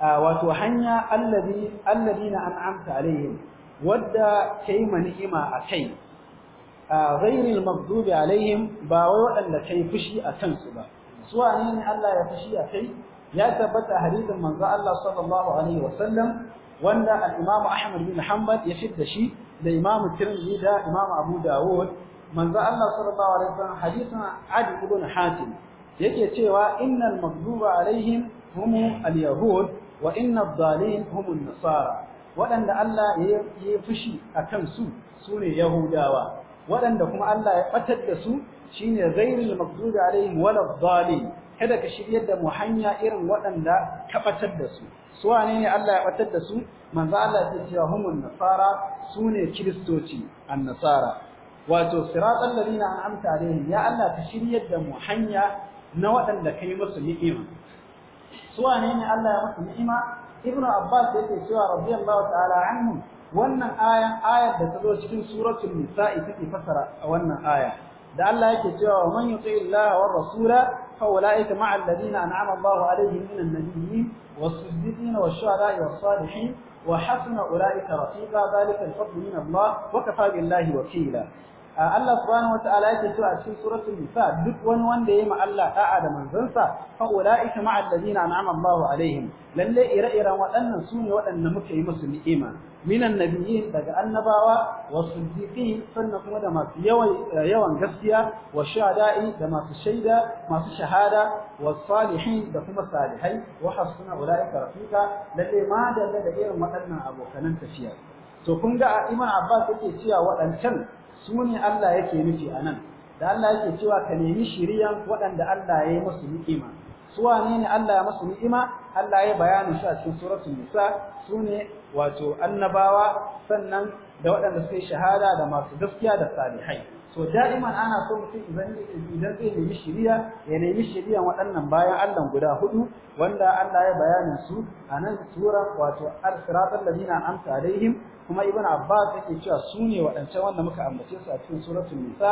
ah, wato hanya allazi alladina an'amta alaihim wadda kai ma ni'ima a kai A ghairil maghdubi alaihim ba wai waɗanda kai fushi a kansu ba su Wanene ne Allah ya fushi a kai ya tabbata hadisin manzo Allah sallallahu alaihi wanda al imamu Ahmad bin Hanbal ya fidda shi da Imam Tirmidhi da Imam Abu Dawud manzo Allah sallallahu alaihi wasallam hadisin Adi ibn Hatim yake cewa innal maghduba alaihim hum al-yahud wa innad dalin hum an-nasara waɗanda Allah ya fushi a su sune yahudawa waɗanda kuma Allah ya batar da su shine ghairul maghdubi alaihim walad dhalin kada ka shiryar da mu hanya irin waɗanda ka batar da su su wane ne Allah ya batar da su manzo Allah ya ce humun nasara sune kiristoci annasara wato siratal ladina an'amta alaihim ya Allah ka shiryar da mu hanya na waɗanda kai musu ni'ima su wane ne Allah ya musu ni'ima ibnu abbas yake cewa radiyallahu ta'ala anhu wannan aya ayar da ta zo cikin suratul nisa'i take fasara a wannan aya da Allah yake cewa man yuti Allah war rasula fa ulaika ma'al ladina an'ama Allah alaihim minan nabiyyin was-siddiqin wash-shuhada'i was-salihin wa hasuna ulaika rafiqa dhalika al-fadlu min Allah wa kafa billahi Allah subhanahu wata'ala yake cewa a cikin suratul nisa duk wani wanda yayi ma Allah ta'a da manzansa fa ulaika ma'al ladina an'ama Allahu alaihim lalle ire-iren waɗannan sune waɗanda muke yi musu ni'ima minan nabiyyin daga annabawa wasiddiqin sannan kuma da masu yawan eh, yawan gaskiya wa shuhada'i da masu shaida masu shahada wasalihin da kuma salihai wa hasuna ulaika rafiqa lalle ma da irin waɗannan abokanan tafiya to kun ga Imam Abbas yake cewa waɗancan su ne Allah yake nufi a nan da Allah yake cewa ka nemi shiriyan waɗanda Allah ya yi masu ni'ima su wane ne Allah ya masu ni'ima Allah ya bayani shi a cikin suratul nisa su ne wato annabawa sannan da waɗanda suka shahada da masu gaskiya da salihai so da'iman ana so mutum idan idan zai nemi shiriya ya nemi shiriya waɗannan bayan Allah guda hudu wanda Allah ya bayanin su a nan sura wato al-siratal ladina amsa alaihim kuma ibn abbas yake cewa su ne waɗancan wanda muka ambace su a cikin suratul nisa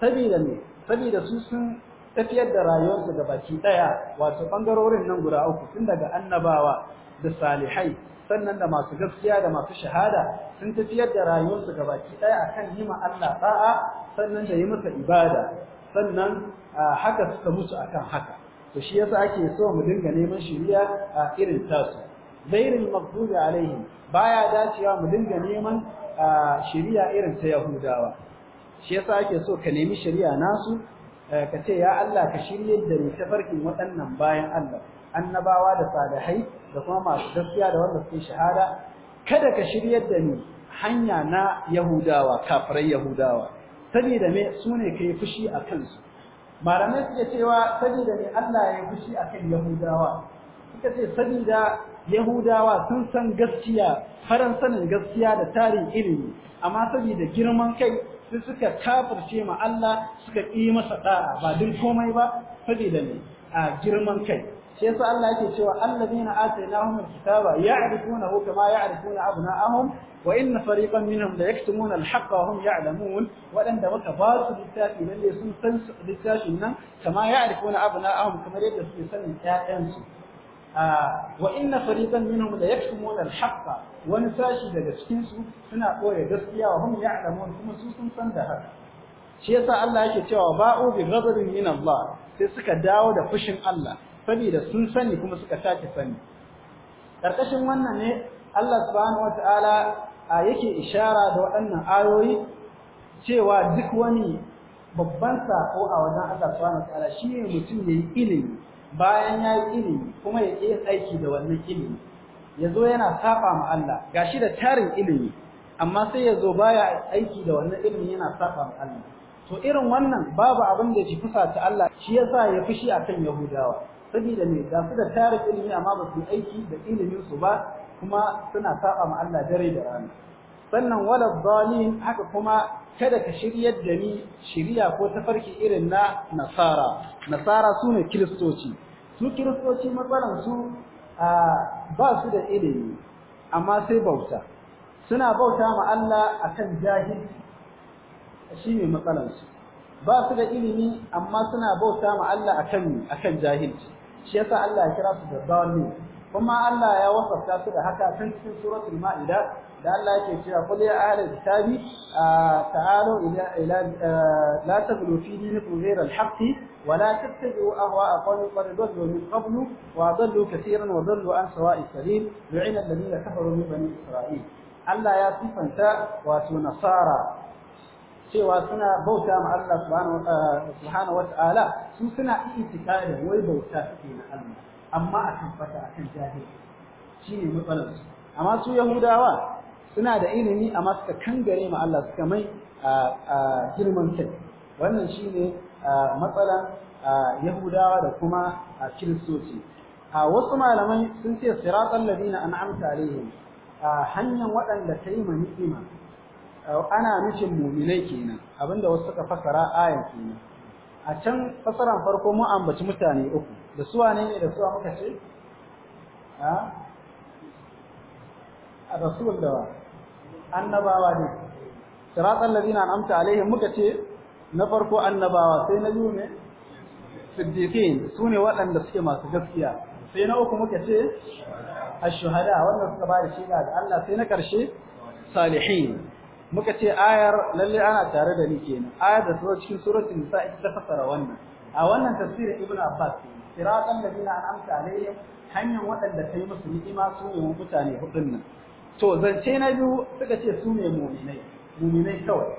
saboda ne saboda su sun tafiyar da rayuwarsu ga baki daya wato bangarorin nan guda uku tun daga annabawa da salihai sannan da masu gaskiya da masu shahada sun tafiyar da rayuwarsu gabaki ɗaya akan yi Allah da'a sannan da yi masa ibada sannan haka suka mutu akan haka to shi yasa ake so mu dinga neman shiriya a irin tasu zairul maghdubi alaihim baya dacewa mu dinga neman shiriya irin ta yahudawa shi yasa ake so ka nemi shiriya nasu ka ce ya Allah ka shirye da ni tafarkin waɗannan bayan Allah annabawa da salihai da kuma masu gaskiya da wanda suke shahada kada ka shiryar da ni hanya na yahudawa kafirai yahudawa saboda me su ne kai fushi a kansu malamai suke cewa saboda me Allah ya fushi a kan yahudawa suka ce saboda yahudawa sun san gaskiya faran sanin gaskiya da tarin ilimi amma saboda girman kai sai suka kafirce ma Allah suka yi masa da'a ba din komai ba saboda ne a girman kai shi yasa Allah yake cewa allazina atainahum alkitaba ya'rifunahu kama ya'rifuna abna'ahum wa inna fariqan minhum la yaktumuna alhaqqa wa hum ya'lamun wadanda muka ba su littafi lalle sun san littafin nan kama ya'rifuna abna'ahum kamar yadda suke sanin ƴaƴansu wa inna fariqan minhum la yaktumuna alhaqqa wani sashi daga cikin su suna koya gaskiya wa hum ya'lamun kuma su sun san da haka shi yasa Allah yake cewa ba'u bi ghadabin min Allah sai suka dawo da fushin Allah saboda sun sani kuma suka sake sani karkashin wannan ne Allah subhanahu wataala yake ishara da waɗannan ayoyi cewa duk wani babban sako a wajen Allah subhanahu wataala shine mutum yayi ilimi bayan ya yi ilimi kuma ya yi aiki da wannan ilimi yazo yana saba ma Allah gashi da tarin ilimi amma sai yazo baya aiki da wannan ilimi yana saba ma Allah to irin wannan babu abin da ya fusa ta Allah shi yasa ya fushi akan Yahudawa Sabida ne ga su da tarin ilimi amma ba su aiki da ilimin su ba kuma suna saba ma Allah dare da rana sannan wala dhalin haka kuma kada ka shiryar da ni shiriya ko tafarki irin na nasara nasara su ne kiristoci su kiristoci matsalan su ba su da ilimi amma sai bauta suna bauta ma Allah akan shi ne matsalan su ba su da ilimi amma suna bauta ma Allah akan akan jahilci shi yasa Allah ya kira su da zalim kuma Allah ya wasafta su da haka tun cikin suratul ma'ida da Allah yake cewa qul ya ahlal kitabi ta'alu ila ila la taghlu fi dinikum ghayra al-haqq wa la tattabi'u ahwa'a qawmin qad dallu min qablu wa dallu katiran wa dallu an sawa'i sabil lu'ina alladhina kafaru min bani isra'il Allah ya sifanta wato nasara cewa suna bauta ma Allah subhanahu wata'ala eh, su suna itikadin wai bauta suke na Allah amma a tabbata akan jahil shine matsalar su amma su yahudawa suna da ilimi amma suka gare ma Allah suka mai eh, eh, girman kai wannan shine matsalar yahudawa da kuma kiristoci a wasu malamai sun ce siratal ladina an'amta alaihim hanyar waɗanda kai ma ni'ima ana nufin mu'minai kenan abinda wasu suka fasara ayan kenan a can fasaran farko mun ambaci mutane uku da su wane ne da suwa muka ce a rasul da annabawa ne siratal ladina amta alaihim muka ce na farko annabawa sai na biyu ne siddiqin sune waɗanda suke masu gaskiya sai na uku muka ce ash-shuhada wannan suka bada shaida ga Allah sai na ƙarshe salihin muka ce ayar lalle ana tare da ni kenan ayar da sura cikin suratul nisa ita ta fasara wannan a wannan tafsirin Ibn abbas siratan ladina an'amta alaihim hanyar waɗanda kai musu ni'ima su ne mutane hudun nan to zance na biyu suka ce su ne mu'minai mu'minai kawai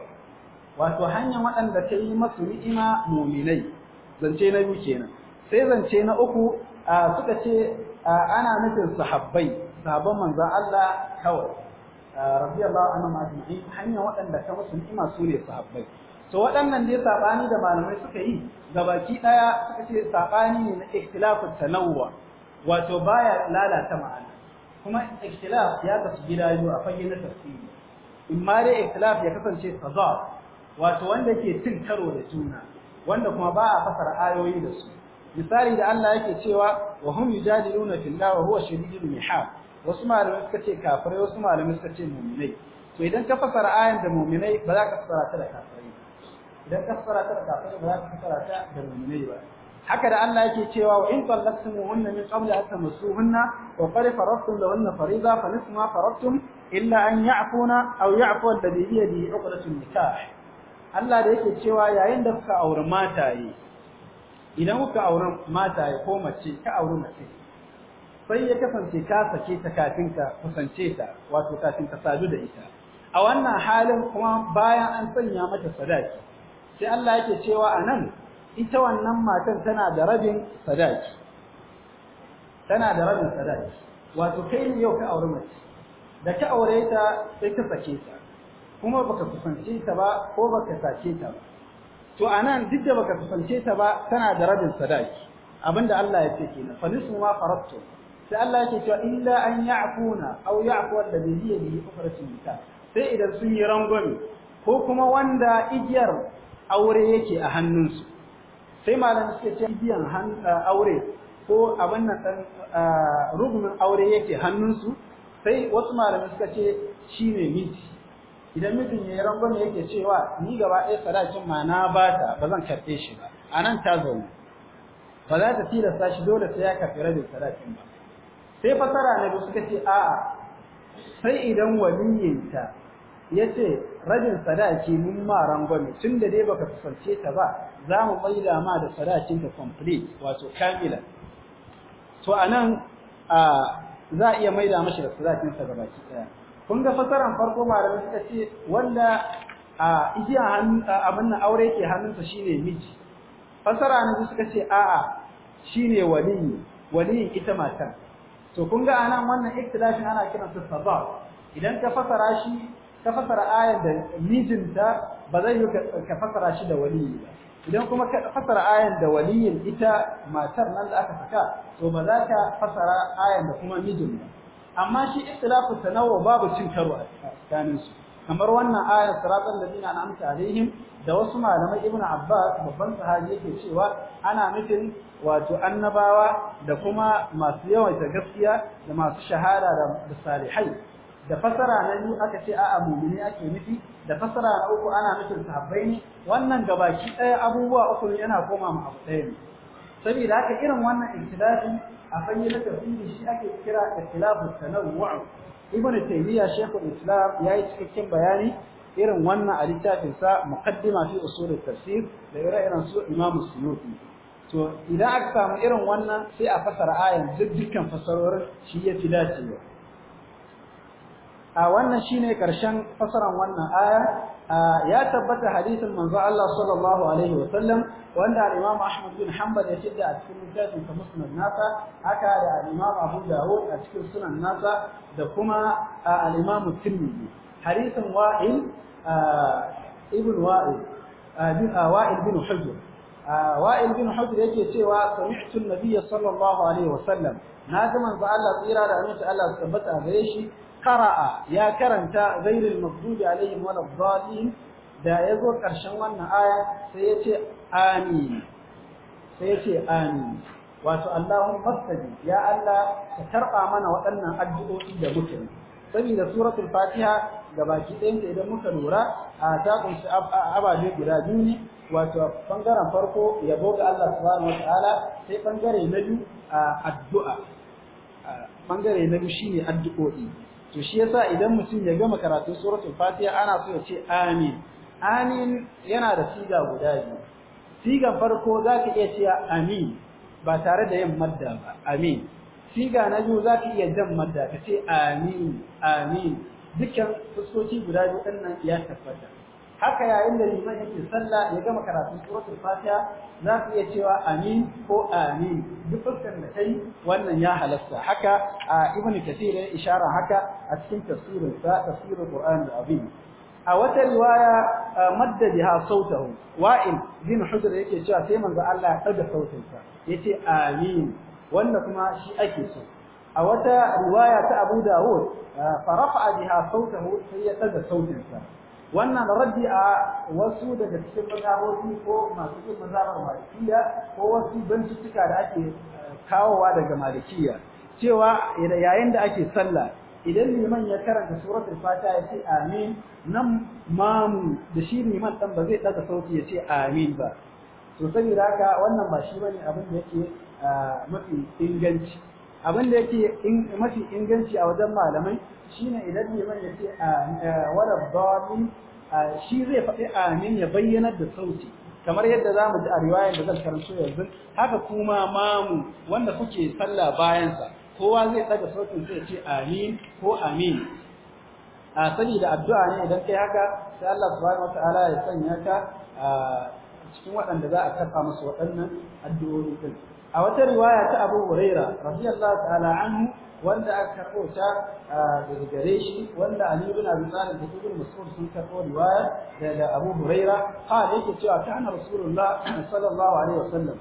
wato hanyar waɗanda kai musu ni'ima mu'minai zance na biyu kenan sai zance na uku suka ce ana nufin sahabbai sahabban manzon Allah kawai radiyallahu anhum ajma'in hanya waɗanda ta musu ni'ima su ne sahabbai to waɗannan dai sabani da malamai suka yi gabaki daya suka ce sabani ne na ikhtilafu tanawwa wato baya lalata ma'ana kuma ikhtilaf ya kasu gida biyu a fage na tafsiri imma dai ikhtilaf ya kasance tazad wato wanda ke cin karo da juna wanda kuma ba a fasara ayoyi da su misali da Allah yake cewa wa hum yujadiluna fillahi wa huwa shadidul mihab wasu malamai suka ce kafirai wasu malamai suka ce mu'minai to idan ka fasara ayan da mu'minai ba za ka fasara ta da kafirai idan ka fasara ta da kafirai ba za ka fasara ta da mu'minai ba haka da Allah yake cewa wa in tallaqtumuhunna min qabli an tamassuhunna wa qad faradtum lahunna fariida fa nisfu ma faradtum illa an ya'funa aw ya'fu alladhi bi yadihi 'uqdatun nikah Allah da yake cewa yayin da kuka aure mataye idan kuka aure mataye ko mace ka aure mace sai ya kasance ka sake ta kafin ka kusance ta wato kafin ka sadu da ita a wannan halin kuma bayan an sanya mata sadaki sai Allah yake cewa anan ita wannan matan tana da rabin sadaki tana da rabin sadaki wato kai ne yau ka aure mace da ka aure ta sai ka sake ta kuma baka kusance ta ba ko baka sake ta ba to anan duk da baka kusance ta ba tana da rabin sadaki abinda Allah ya ce kenan fa nisu ma faratu sai Allah yake cewa illa an ya'funa aw ya'fu alladhi bi yadihi ukhratu nisa sai idan sun yi rangwame ko kuma wanda igiyar aure yake a hannunsu sai malam suke ce igiyar aure ko abin nan dan rugumin aure yake hannunsu sai wasu malamai suka ce shine miji idan mijin ya yi rangwame yake cewa ni gaba ɗaya sadakin ma na bata ba zan karɓe shi ba a nan ta zaune ba za ta tilasta shi dole sai ya karɓi rabin sadakin ba sai fasara na biyu suka ce a'a sai idan waliyinta ya ce rajin sadaki mun ma rangwame tun da dai baka kusance ta ba za mu maida ma da sadakin ta complete wato kamila to anan a za a iya maida mashi da sadakin sa ki daya kun ga fasaran farko malamin suka ce wanda a igiya hannu abin nan aure ke hannunsa shine miji fasara na suka ce a'a shine waliyi waliyin ita matan to kun ga anan wannan ikhtilafin ana kiransa sabab idan ka fasara shi ka fasara ayar da mijinta ba zai yi ka fasara shi da waliyi ba idan kuma ka fasara ayar da waliyin ita matar nan da aka saka to ba za ka fasara ayar da kuma mijin ba amma shi ikhtilafu tanawwu babu cin karo a tsakaninsu kamar wannan ayar siratal ladina an'amta alaihim da wasu malamai ibnu abbas babban sahabi yake cewa ana nufin wato annabawa da kuma masu yawaita gaskiya da masu shahada da salihai da fasara na biyu aka ce a'a mu'mini ake nufi da fasara na uku ana nufin sahabbai ne wannan gabaki ɗaya abubuwa uku ne yana koma mu abu ɗaya ne saboda haka irin wannan ikhtilafi a fanni na tafsiri shi ake kira ikhtilafu tanawwu ibnu taymiya shaykhul islam yi cikakken bayani irin wannan a littafin sa muqaddima fi usul tafsir da ire-iren su imam suyuti to idan aka samu irin wannan sai a fasara ayan dukkan fasarorin shi ya fi dacewa a wannan shine karshen fasaran wannan aya ya tabbata hadisin manzo Allah sallallahu alaihi wa sallam wanda al-Imam Ahmad bin Hanbal ya shidda a cikin littafin sa Musnad nasa haka da al-Imam Abu Dawud a cikin Sunan nasa da kuma al-Imam Tirmidhi hadisin Wa'il ibn Wa'il bin Wa'il bin Hujr Wa'il bin Hujr yake cewa sami'tu an-nabiy sallallahu alaihi wa sallam na ji manzo Allah tsira da aminci Allah tabbata gare shi qara'a ya karanta ghairil maghdubi alaihim waladdallin da yazo karshen wannan aya sai yace amin sai yace amin wato Allahumma staji ya Allah ka karba mana waɗannan addu'o'i da muke saboda suratul fatiha gabaki ɗayanta idan muka lura a ta kunshi ababe guda biyu ne wato bangaren farko yabo ga Allah subhanahu wataala sai bangare na biyu addu'a bangare na biyu shine addu'o'i to shi yasa idan mutum ya gama karatun suratul fatiha ana so ya ce amin amin yana da siga guda biyu siga farko zaka iya cewa amin ba tare da yin madda ba amin siga na biyu zaka iya jan madda ka ce amin amin dukkan fuskoci guda biyu ɗannan ya tabbata haka yayin da liman yake sallah ya gama karatun suratul fatiha za ku iya cewa amin ko amin duk fuskar da kai wannan ya halasta haka a ibnu kathir ya ishara haka a cikin tafsirin sa tafsirul qur'an abin. a wata riwaya madda biha sautahu wa'il bin hudr yake cewa sai manzo Allah ya daga sautinsa yace amin wanda kuma shi ake so a wata riwaya ta Abu Dawud farafa biha sautahu sai ya daga sautinsa wannan raddi a wasu daga cikin mazhabobi ko masu yin mazhabar malikiya ko wasu bincika da ake eh, kawowa daga malikiya cewa yayin da ake sallah idan liman ya karanta suratul fata ya ce amin nan mamu da shi liman dan ba zai daga sauti ya ce amin ba Sosai saboda haka wannan ba shi bane abin da yake eh, mafi inganci abin da yake mafi inganci a wajen malamai shine idan liman ya ce wala dhalin shi zai faɗi amin ya bayyana da sauti kamar yadda za mu ji a riwayar da zan karanto yanzu haka kuma mamu wanda kuke sallah bayansa kowa zai daga sautin sai ce amin ko amin a sani da addu'a ne idan kai haka sai Allah subhanahu wataala ya sanya ka cikin waɗanda za a karɓa musu waɗannan addu'o'i din a wata riwaya ta Abu Huraira radiyallahu ta'ala anhu wanda aka karbo ta daga gare shi wanda Ali ibn Abi Talib da Ibn Mas'ud sun karbo riwaya daga Abu Huraira ha da yake cewa kana Rasulullah sallallahu alaihi wasallam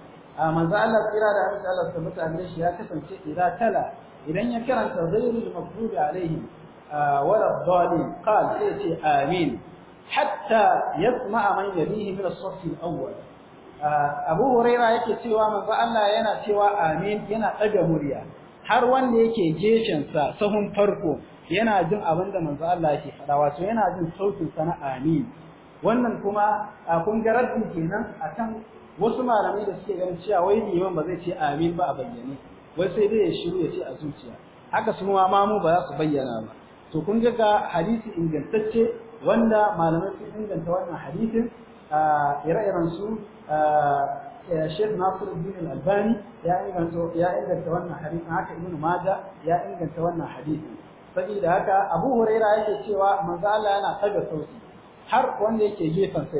manzo Allah tsira da Abu Allah tabbata gare shi ya kasance idan tala idan ya karanta ghayrul maghdubi alaihi wala dhalin qal ce amin hatta yasma'a man yabihi min as-saff al-awwal Abu Huraira yake cewa manzo Allah yana cewa amin yana ɗaga murya har wanda yake jeshin sa sahun farko yana jin abinda da manzo Allah yake fada wato yana jin sautin sa na amin wannan kuma kun ga raddi kenan kan wasu malami da suke ganin cewa wai liman ba zai ce amin ba a bayyane wai sai dai ya shiru ya ce a zuciya haka su ma mamu ba za su bayyana ba to kun ga ga hadisi ingantacce wanda malamai sun inganta wannan hadisin ire-iren su Sheikh Nasiruddin Al-Albani ya inganta ya inganta wannan hadisin haka Ibn Majah ya inganta wannan hadisin saboda haka Abu Huraira yake cewa manzo Allah yana taga sauti har wanda yake gefen sa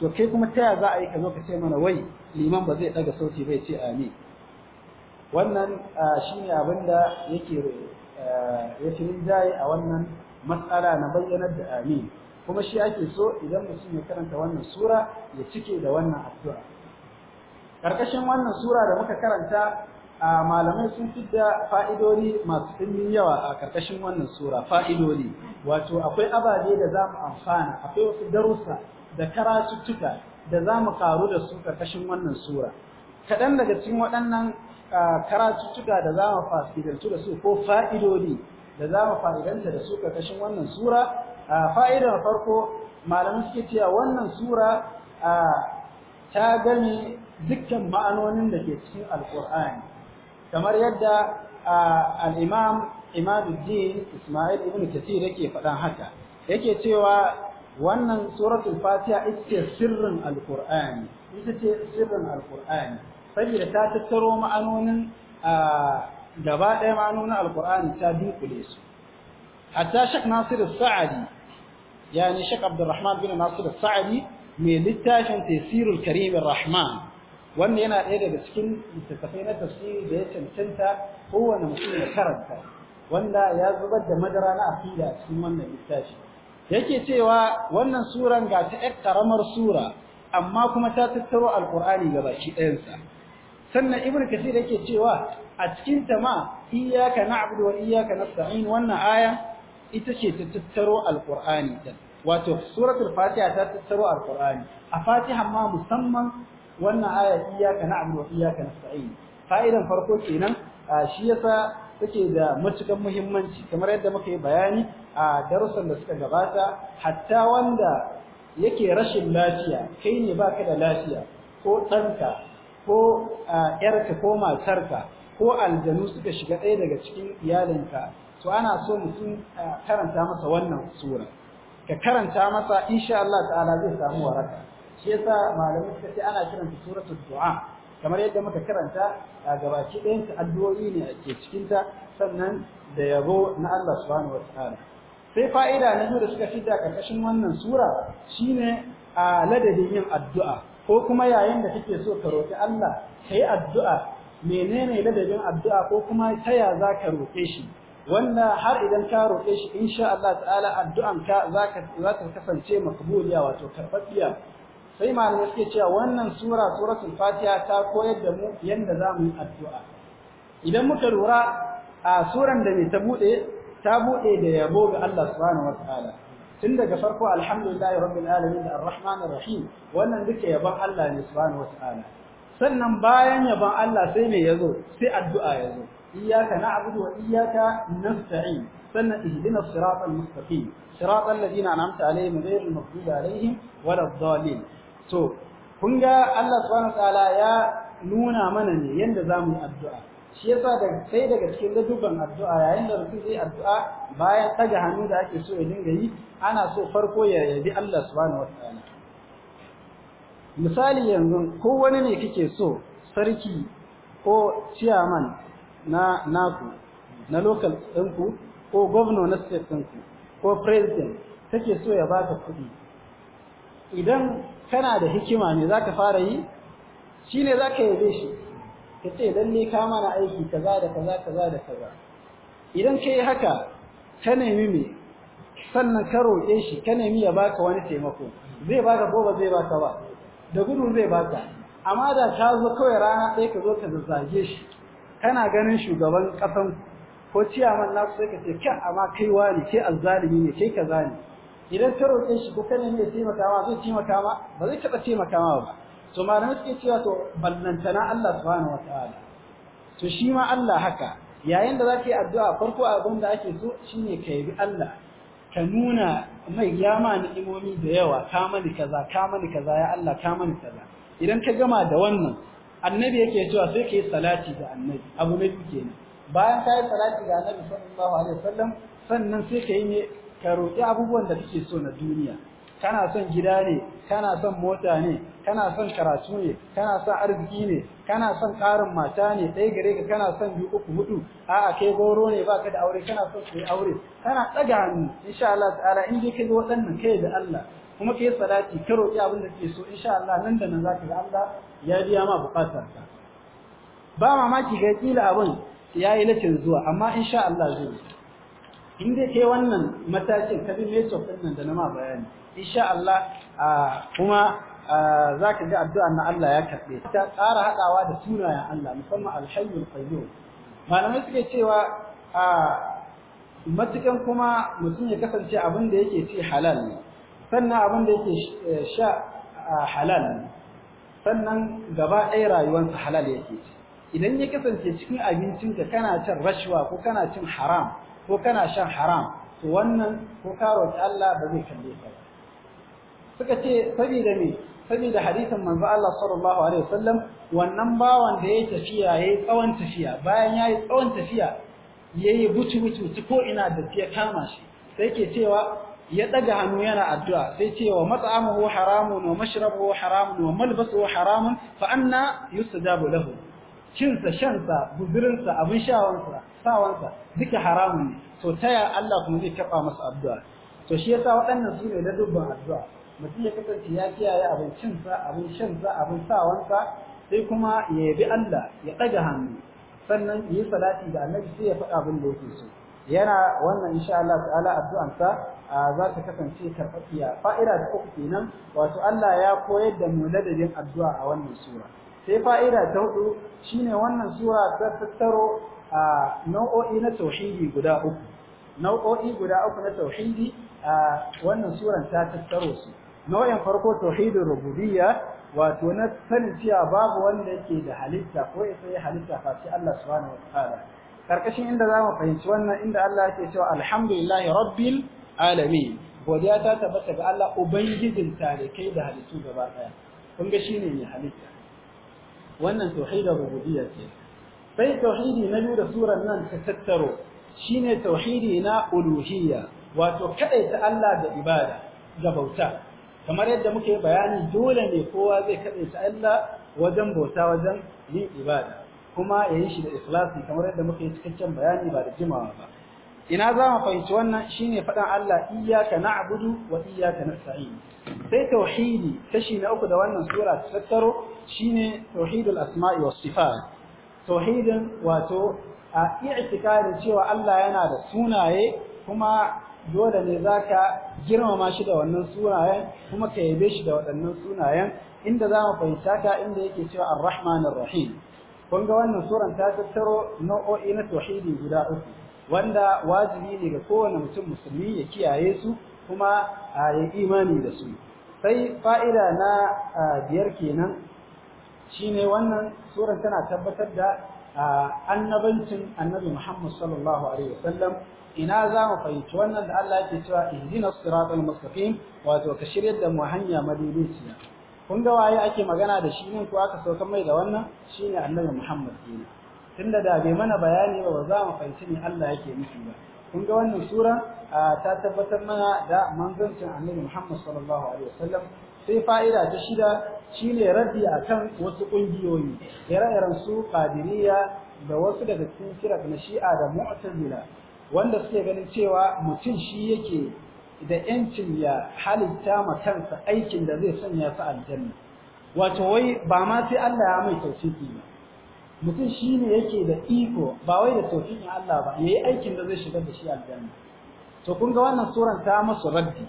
to kai kuma taya za a yi ka zo ka ce mana wai liman ba zai daga sauti ba ya ce amin wannan shine abin da yake ya fi rinjaye a wannan matsala na bayyanar da amin kuma shi ake so idan mutum ya karanta wannan sura ya cike da wannan addu'a karkashin wannan sura da muka karanta a malamai sun fidda fa'idodi masu ɗimbin yawa a karkashin wannan sura fa'idodi wato akwai ababe da za mu amfana akwai wasu darussa da karatuttuka da za mu karu da su karkashin wannan sura kaɗan daga cikin waɗannan karatuttuka da za mu fasidantu da su ko fa'idodi da za mu fa'idanta da su karkashin wannan sura fa'idar farko malamin suke cewa wannan sura ta gane dukkan ma'anonin da ke cikin alkur'ani kamar yadda al'imam imaduddin ismail ibn kathir yake faɗan haka yake cewa wannan suratul fatiha ita ce sirrin alkur'ani ita ce sirrin alkur'ani saboda ta tattaro ma'anonin gaba ɗaya ma'anonin alkur'ani ta dukule su hatta shak nasiru sa'adi yani Sheikh Abdulrahman bin Nasir Sa'adi mai littafin Tafsirul Karim Rahman wannan yana ɗaya daga cikin littattafai na tafsiri da ya cancanta kowane mutum ya karanta wanda ya zubar da madara na aqida a cikin wannan littafi yake cewa wannan suran ga ta ƴar karamar sura amma kuma ta tattaro alqur'ani baki ɗayansa sannan ibnu kasir yake cewa a cikin ta ma iyyaka na'budu wa iyyaka nasta'in wannan aya ita ce ta tattaro Alƙur'ani ta. wato suratul fatiha ta tattaro Alƙur'ani. a fatiha ma musamman wannan aya iyyaka na'budu wa iyyaka nasta'in fa'idan farko kenan shi yasa take da matukan muhimmanci kamar yadda muka yi bayani a darussan da suka gabata hatta wanda yake rashin lafiya kai ne baka da lafiya ko ɗanka ko ƴarka ko matarka ko aljanu suka shiga ɗaya daga cikin iyalinka to ana so mutum karanta masa wannan sura ka karanta masa insha Allah ta'ala zai samu waraka shi yasa malamai suka ce ana kiranta suratul du'a kamar yadda muka karanta a gabaki ɗayan ta addu'o'i ne ke cikin ta sannan da yabo na Allah subhanahu wataala sai fa'ida na biyu da suka da karkashin wannan sura shine a ladadin yin addu'a ko kuma yayin da kake so ka roki Allah kai addu'a menene ladabin addu'a ko kuma ta ya za ka roke shi wannan har idan ka roƙe shi insha Allah ta'ala addu'an ka zaka za ta kasance makbuliya wato karɓaɓɓiya sai malamai suke cewa wannan sura suratul fatiha ta koyar da mu yanda za mu yi addu'a idan muka lura a suran da ne ta buɗe ta buɗe da yabo ga Allah subhanahu wataala tun daga farko alhamdulillahi rabbil alamin da arrahmanir rahim wannan duka yabon Allah ne subhanahu wataala sannan bayan yabon Allah sai me yazo sai addu'a yazo إياك نعبد وإياك نستعين سنة اهدنا الصراط المستقيم صراط الذين أنعمت عليهم غير المغضوب عليهم ولا الضالين so kun ga Allah subhanahu wataala ya nuna mana ne yanda zamu yi addu'a shi yasa da sai daga cikin ladubban addu'a yayin da mutum zai addu'a bayan taga hannu da ake so ya dinga yi ana so farko ya yabi Allah subhanahu wataala misali yanzu ko wani ne kike so sarki ko chairman na naku na local ɗinku ko governor na state ɗinku ko president take so ya baka kuɗi idan kana da hikima ne zaka fara yi shine zaka yabe shi kace lalle ka mana aiki kaza da kaza kaza da kaza idan kai haka ka nemi me sannan ka roƙe shi ka nemi ya baka wani taimako zai baka ko ba zai baka ba da gudu zai baka amma da ka zo kawai rana ɗaya ka zo ka zazzage shi kana ganin shugaban kasan ko ciyaman nasu sai ka ce kyan amma kai wani ke azzalimi ne kai kaza ne idan ka roƙe shi ko kana ne taimaka ma zai taimaka ma ba zai taɓa taimaka ma ba to malamai suke cewa to ballantana Allah subhanahu wataala to shi ma Allah haka yayin da zaka yi addu'a farko abin da ake so shine ka yi Allah ka nuna mai yama ni'imomi da yawa ka mani kaza ka mani kaza ya Allah ka mani kaza idan ka gama da wannan annabi yake cewa sai kai salati ga annabi abu ne kenan bayan kai salati ga annabi sallallahu alaihi wasallam sannan sai kayi ne ka roki abubuwan da kake so na duniya kana son gida ne kana son mota ne kana son karatu ne kana son arziki ne kana son karin mata ne ɗaya gare ka kana son biyu uku hudu a'a kai goro ne baka da aure kana son kai aure kana tsaga hannu, insha Allah ta'ala in dai kai waɗannan kai da Allah kuma ka yi salati ka roƙi abin da ke so insha Allah nan da nan za ka ga Allah ya biya ma buƙatar ka ba mamaki ga kila abin yayi lacin zuwa amma insha Allah zai in dai kai wannan matakin ka bi mai tsofin nan da na ma bayani insha Allah kuma zaka ga addu'a na Allah ya karbe ta tsara hadawa da sunayen Allah musamman al-hayyul qayyum malamai suke cewa a matukan kuma mutum ya kasance abin da yake ci halal ne sannan abin da yake eh, sha halal sannan gaba ɗaya rayuwarsa halal yake ci idan ya kasance cikin abincinka kana cin rashwa ko kana cin haram ko kana shan haram to wannan ko karo Allah ba zai kalle ka suka ce saboda me saboda hadisin manzo Allah sallallahu alaihi wasallam wannan bawan da ya tafiya yayi tsawon tafiya bayan yayi tsawon tafiya yayi buci buci ko ina da ya kama shi sai ke cewa ya daga hannu yana addu'a sai ce wa mat'amuhu haramun wa mashrabuhu haramun wa malbasuhu haramun fa anna yustajabu lahu cinsa shansa guzurinsa abin shawansa sawansa duka haramun ne to taya Allah kuma zai kafa masa addu'a to shi yasa waɗannan su ne na dubban addu'a mutum ya kasance ya kiyaye abin cinsa abin shansa abin sawansa sai kuma ya yabi Allah ya daga hannu sannan yi salati da annabi sai ya faɗa abin da yake so yana wannan insha Allah ta'ala addu'an sa za ta kasance karfafiya fa'ida ta uku kenan wato Allah ya koyar da mu ladabin addu'a a wannan sura sai fa'ida ta hudu shine wannan sura ta tattaro nau'o'i na tauhidi guda uku nau'o'i guda uku na tauhidi wannan suran ta tattaro su nau'in farko tauhidin rububiyya wato na sanin cewa babu wanda yake da halitta ko ya sai halitta face Allah subhanahu ta'ala karkashin inda za mu fahimci wannan inda Allah yake cewa alhamdulillahi rabbil alamin godiya ta tabbata ga Allah ubangijin talikai da halittu gaba daya kun ga shine mai halitta wannan tauhidar rububiyya ce sai tauhidi na biyu da nan ta tattaro shine tauhidi na uluhiyya wato kadai ta Allah da ibada ga bauta kamar yadda muke bayani dole ne kowa zai kadai Allah wajen bauta wajen yin ibada kuma ya yi shi da ikhlasi kamar yadda muka yi cikakken bayani ba da jimawa ba ina za mu fahimci wannan shine faɗan Allah iyyaka na'budu wa iyyaka nasta'in sai tauhidi kashi na uku da wannan sura ta tattaro shine tauhidul asma'i was sifat tauhidin wato a i'tikadin cewa Allah yana da sunaye kuma dole ne zaka girmama shi da wannan sunayen kuma ka yabe shi da waɗannan sunayen inda za mu fahimta ka inda yake cewa ar-rahmanir rahim kun ga wannan suran ta tattaro nau'o'i na tauhidi guda uku wanda wajibi ne ga kowane mutum musulmi ya kiyaye su kuma a yi imani da su sai fa'ida na biyar kenan shine wannan suran tana tabbatar da annabancin annabi Muhammad sallallahu alaihi wasallam ina za mu fahimci wannan da Allah ke cewa ihdinas siratul mustaqim wato ka shiryar da mu hanya madidiciya kun ga waye ake magana da shi ne ko aka sauka mai da wannan shine annabi Muhammad ne tunda da bai mana bayani ba ba za mu fahimci ne Allah yake nufi ba kun ga wannan sura ta tabbatar mana da manzancin annabi Muhammad sallallahu alaihi wasallam sai fa'ida ta shida shine raddi akan wasu kungiyoyi ire-iren su qadiriyya da wasu daga cikin kira na shi'a da mu'tazila wanda suke ganin cewa mutum shi yake da yancin ya halitta ma kansa aikin da zai sanya su aljanna wato wai ba ma sai Allah ya mai tawfiki ba mutum shine yake da iko ba wai da tawfikin Allah ba yayi aikin da zai shigar da shi aljanna to kun ga wannan suran ta masu raddi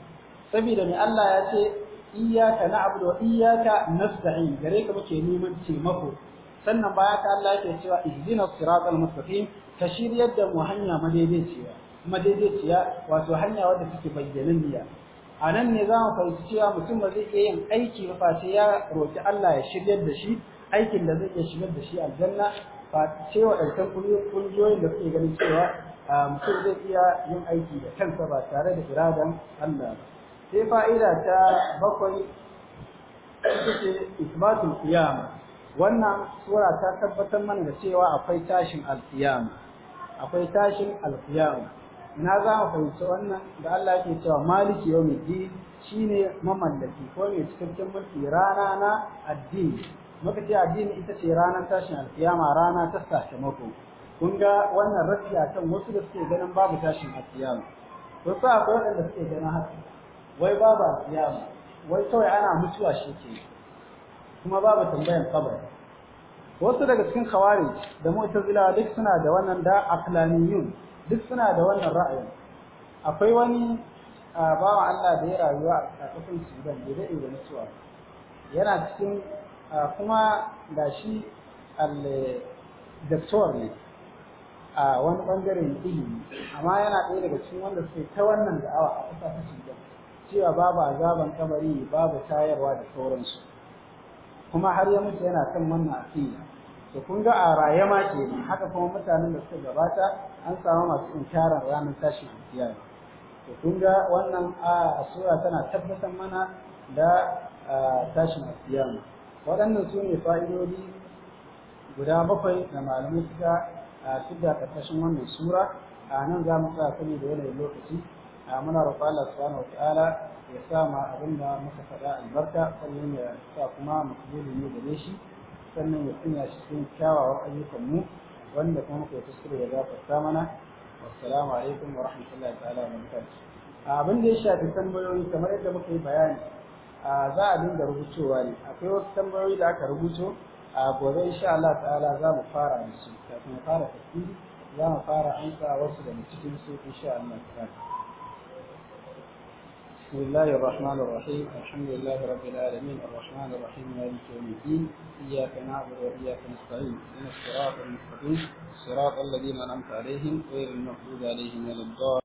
saboda mai Allah ya ce iyyaka na'budu wa iyyaka nasta'in gare ka muke neman taimako sannan baya ka Allah yake cewa ihdinas siratal mustaqim ka shiryar da mu hanya madaidaiciya kuma wato hanya wadda take bayyananniya a nan ne za mu fahimci cewa mutum ba zai iya yin aiki ba face ya roki Allah ya shiryar da shi aikin da zai iya shigar da shi aljanna ba ce waɗancan ƙungiyoyin da suke ganin cewa mutum zai iya yin aiki da kansa ba tare da iradan Allah ba sai fa'ida ta bakwai ita ce isbatul qiyama wannan sura ta tabbatar mana da cewa akwai tashin alqiyama akwai tashin alqiyama ina za mu fahimci wannan da Allah yake cewa maliki shi ne mamallaki ko ne cikakken mulki rana na addini muka ce addini ita ce ranar tashin alkiyama rana ta sakamako kun ga wannan rafi kan wasu da suke ganin babu tashin alkiyama wasu akwai waɗanda suke ganin haka wai babu alkiyama wai kawai ana mutuwa shi ke kuma babu tambayan kabari wasu daga cikin khawarij da mu'tazila duk suna da wannan da aqlaniyun duk suna da wannan ra'ayin akwai wani bawa Allah da ya rayuwa a kasan Sudan da zai iya mutuwa yana cikin kuma gashi shi al ne a wani bangaren ilimi amma yana ɗaya daga cikin wanda suke ta wannan da'awa a cikin Sudan cewa babu azaban kamari babu tayarwa da sauransu kuma har ya mutu yana kan wannan asiri to kun ga a raye ma kenan haka kuma mutanen da suka gabata an samu masu inkarar ranar tashin alkiyama to kun ga wannan a sura tana tabbatar mana da tashin ne. waɗannan su ne fa'idodi guda bakwai da malamai suka fidda ƙarƙashin wannan sura a nan za mu sa sani da yanayin lokaci a muna roƙon Allah subhanahu wataala ya sa ma abin da muka faɗa albarka sannan ya sa kuma mu kabulu ne gare shi sannan ya sanya shi cikin kyawawan ayyukan mu wanda kuma muka kuskure ya ta mana assalamu alaikum wa rahmatullahi ta'ala wa barakatuh abin da ya shafi tambayoyi kamar yadda muka yi bayani za a dinga rubutowa ne akwai wasu tambayoyi da aka rubuto a gobe insha Allah ta'ala za mu fara da su kafin fara tafsiri za mu fara amsa wasu daga cikin su insha Allah ta'ala بسم الله الرحمن الرحيم الحمد لله رب العالمين الرحمن الرحيم مالك يوم الدين اياك نعبد واياك نستعين اهدنا الصراط المستقيم صراط الذين انعمت عليهم غير المغضوب عليهم ولا الضالين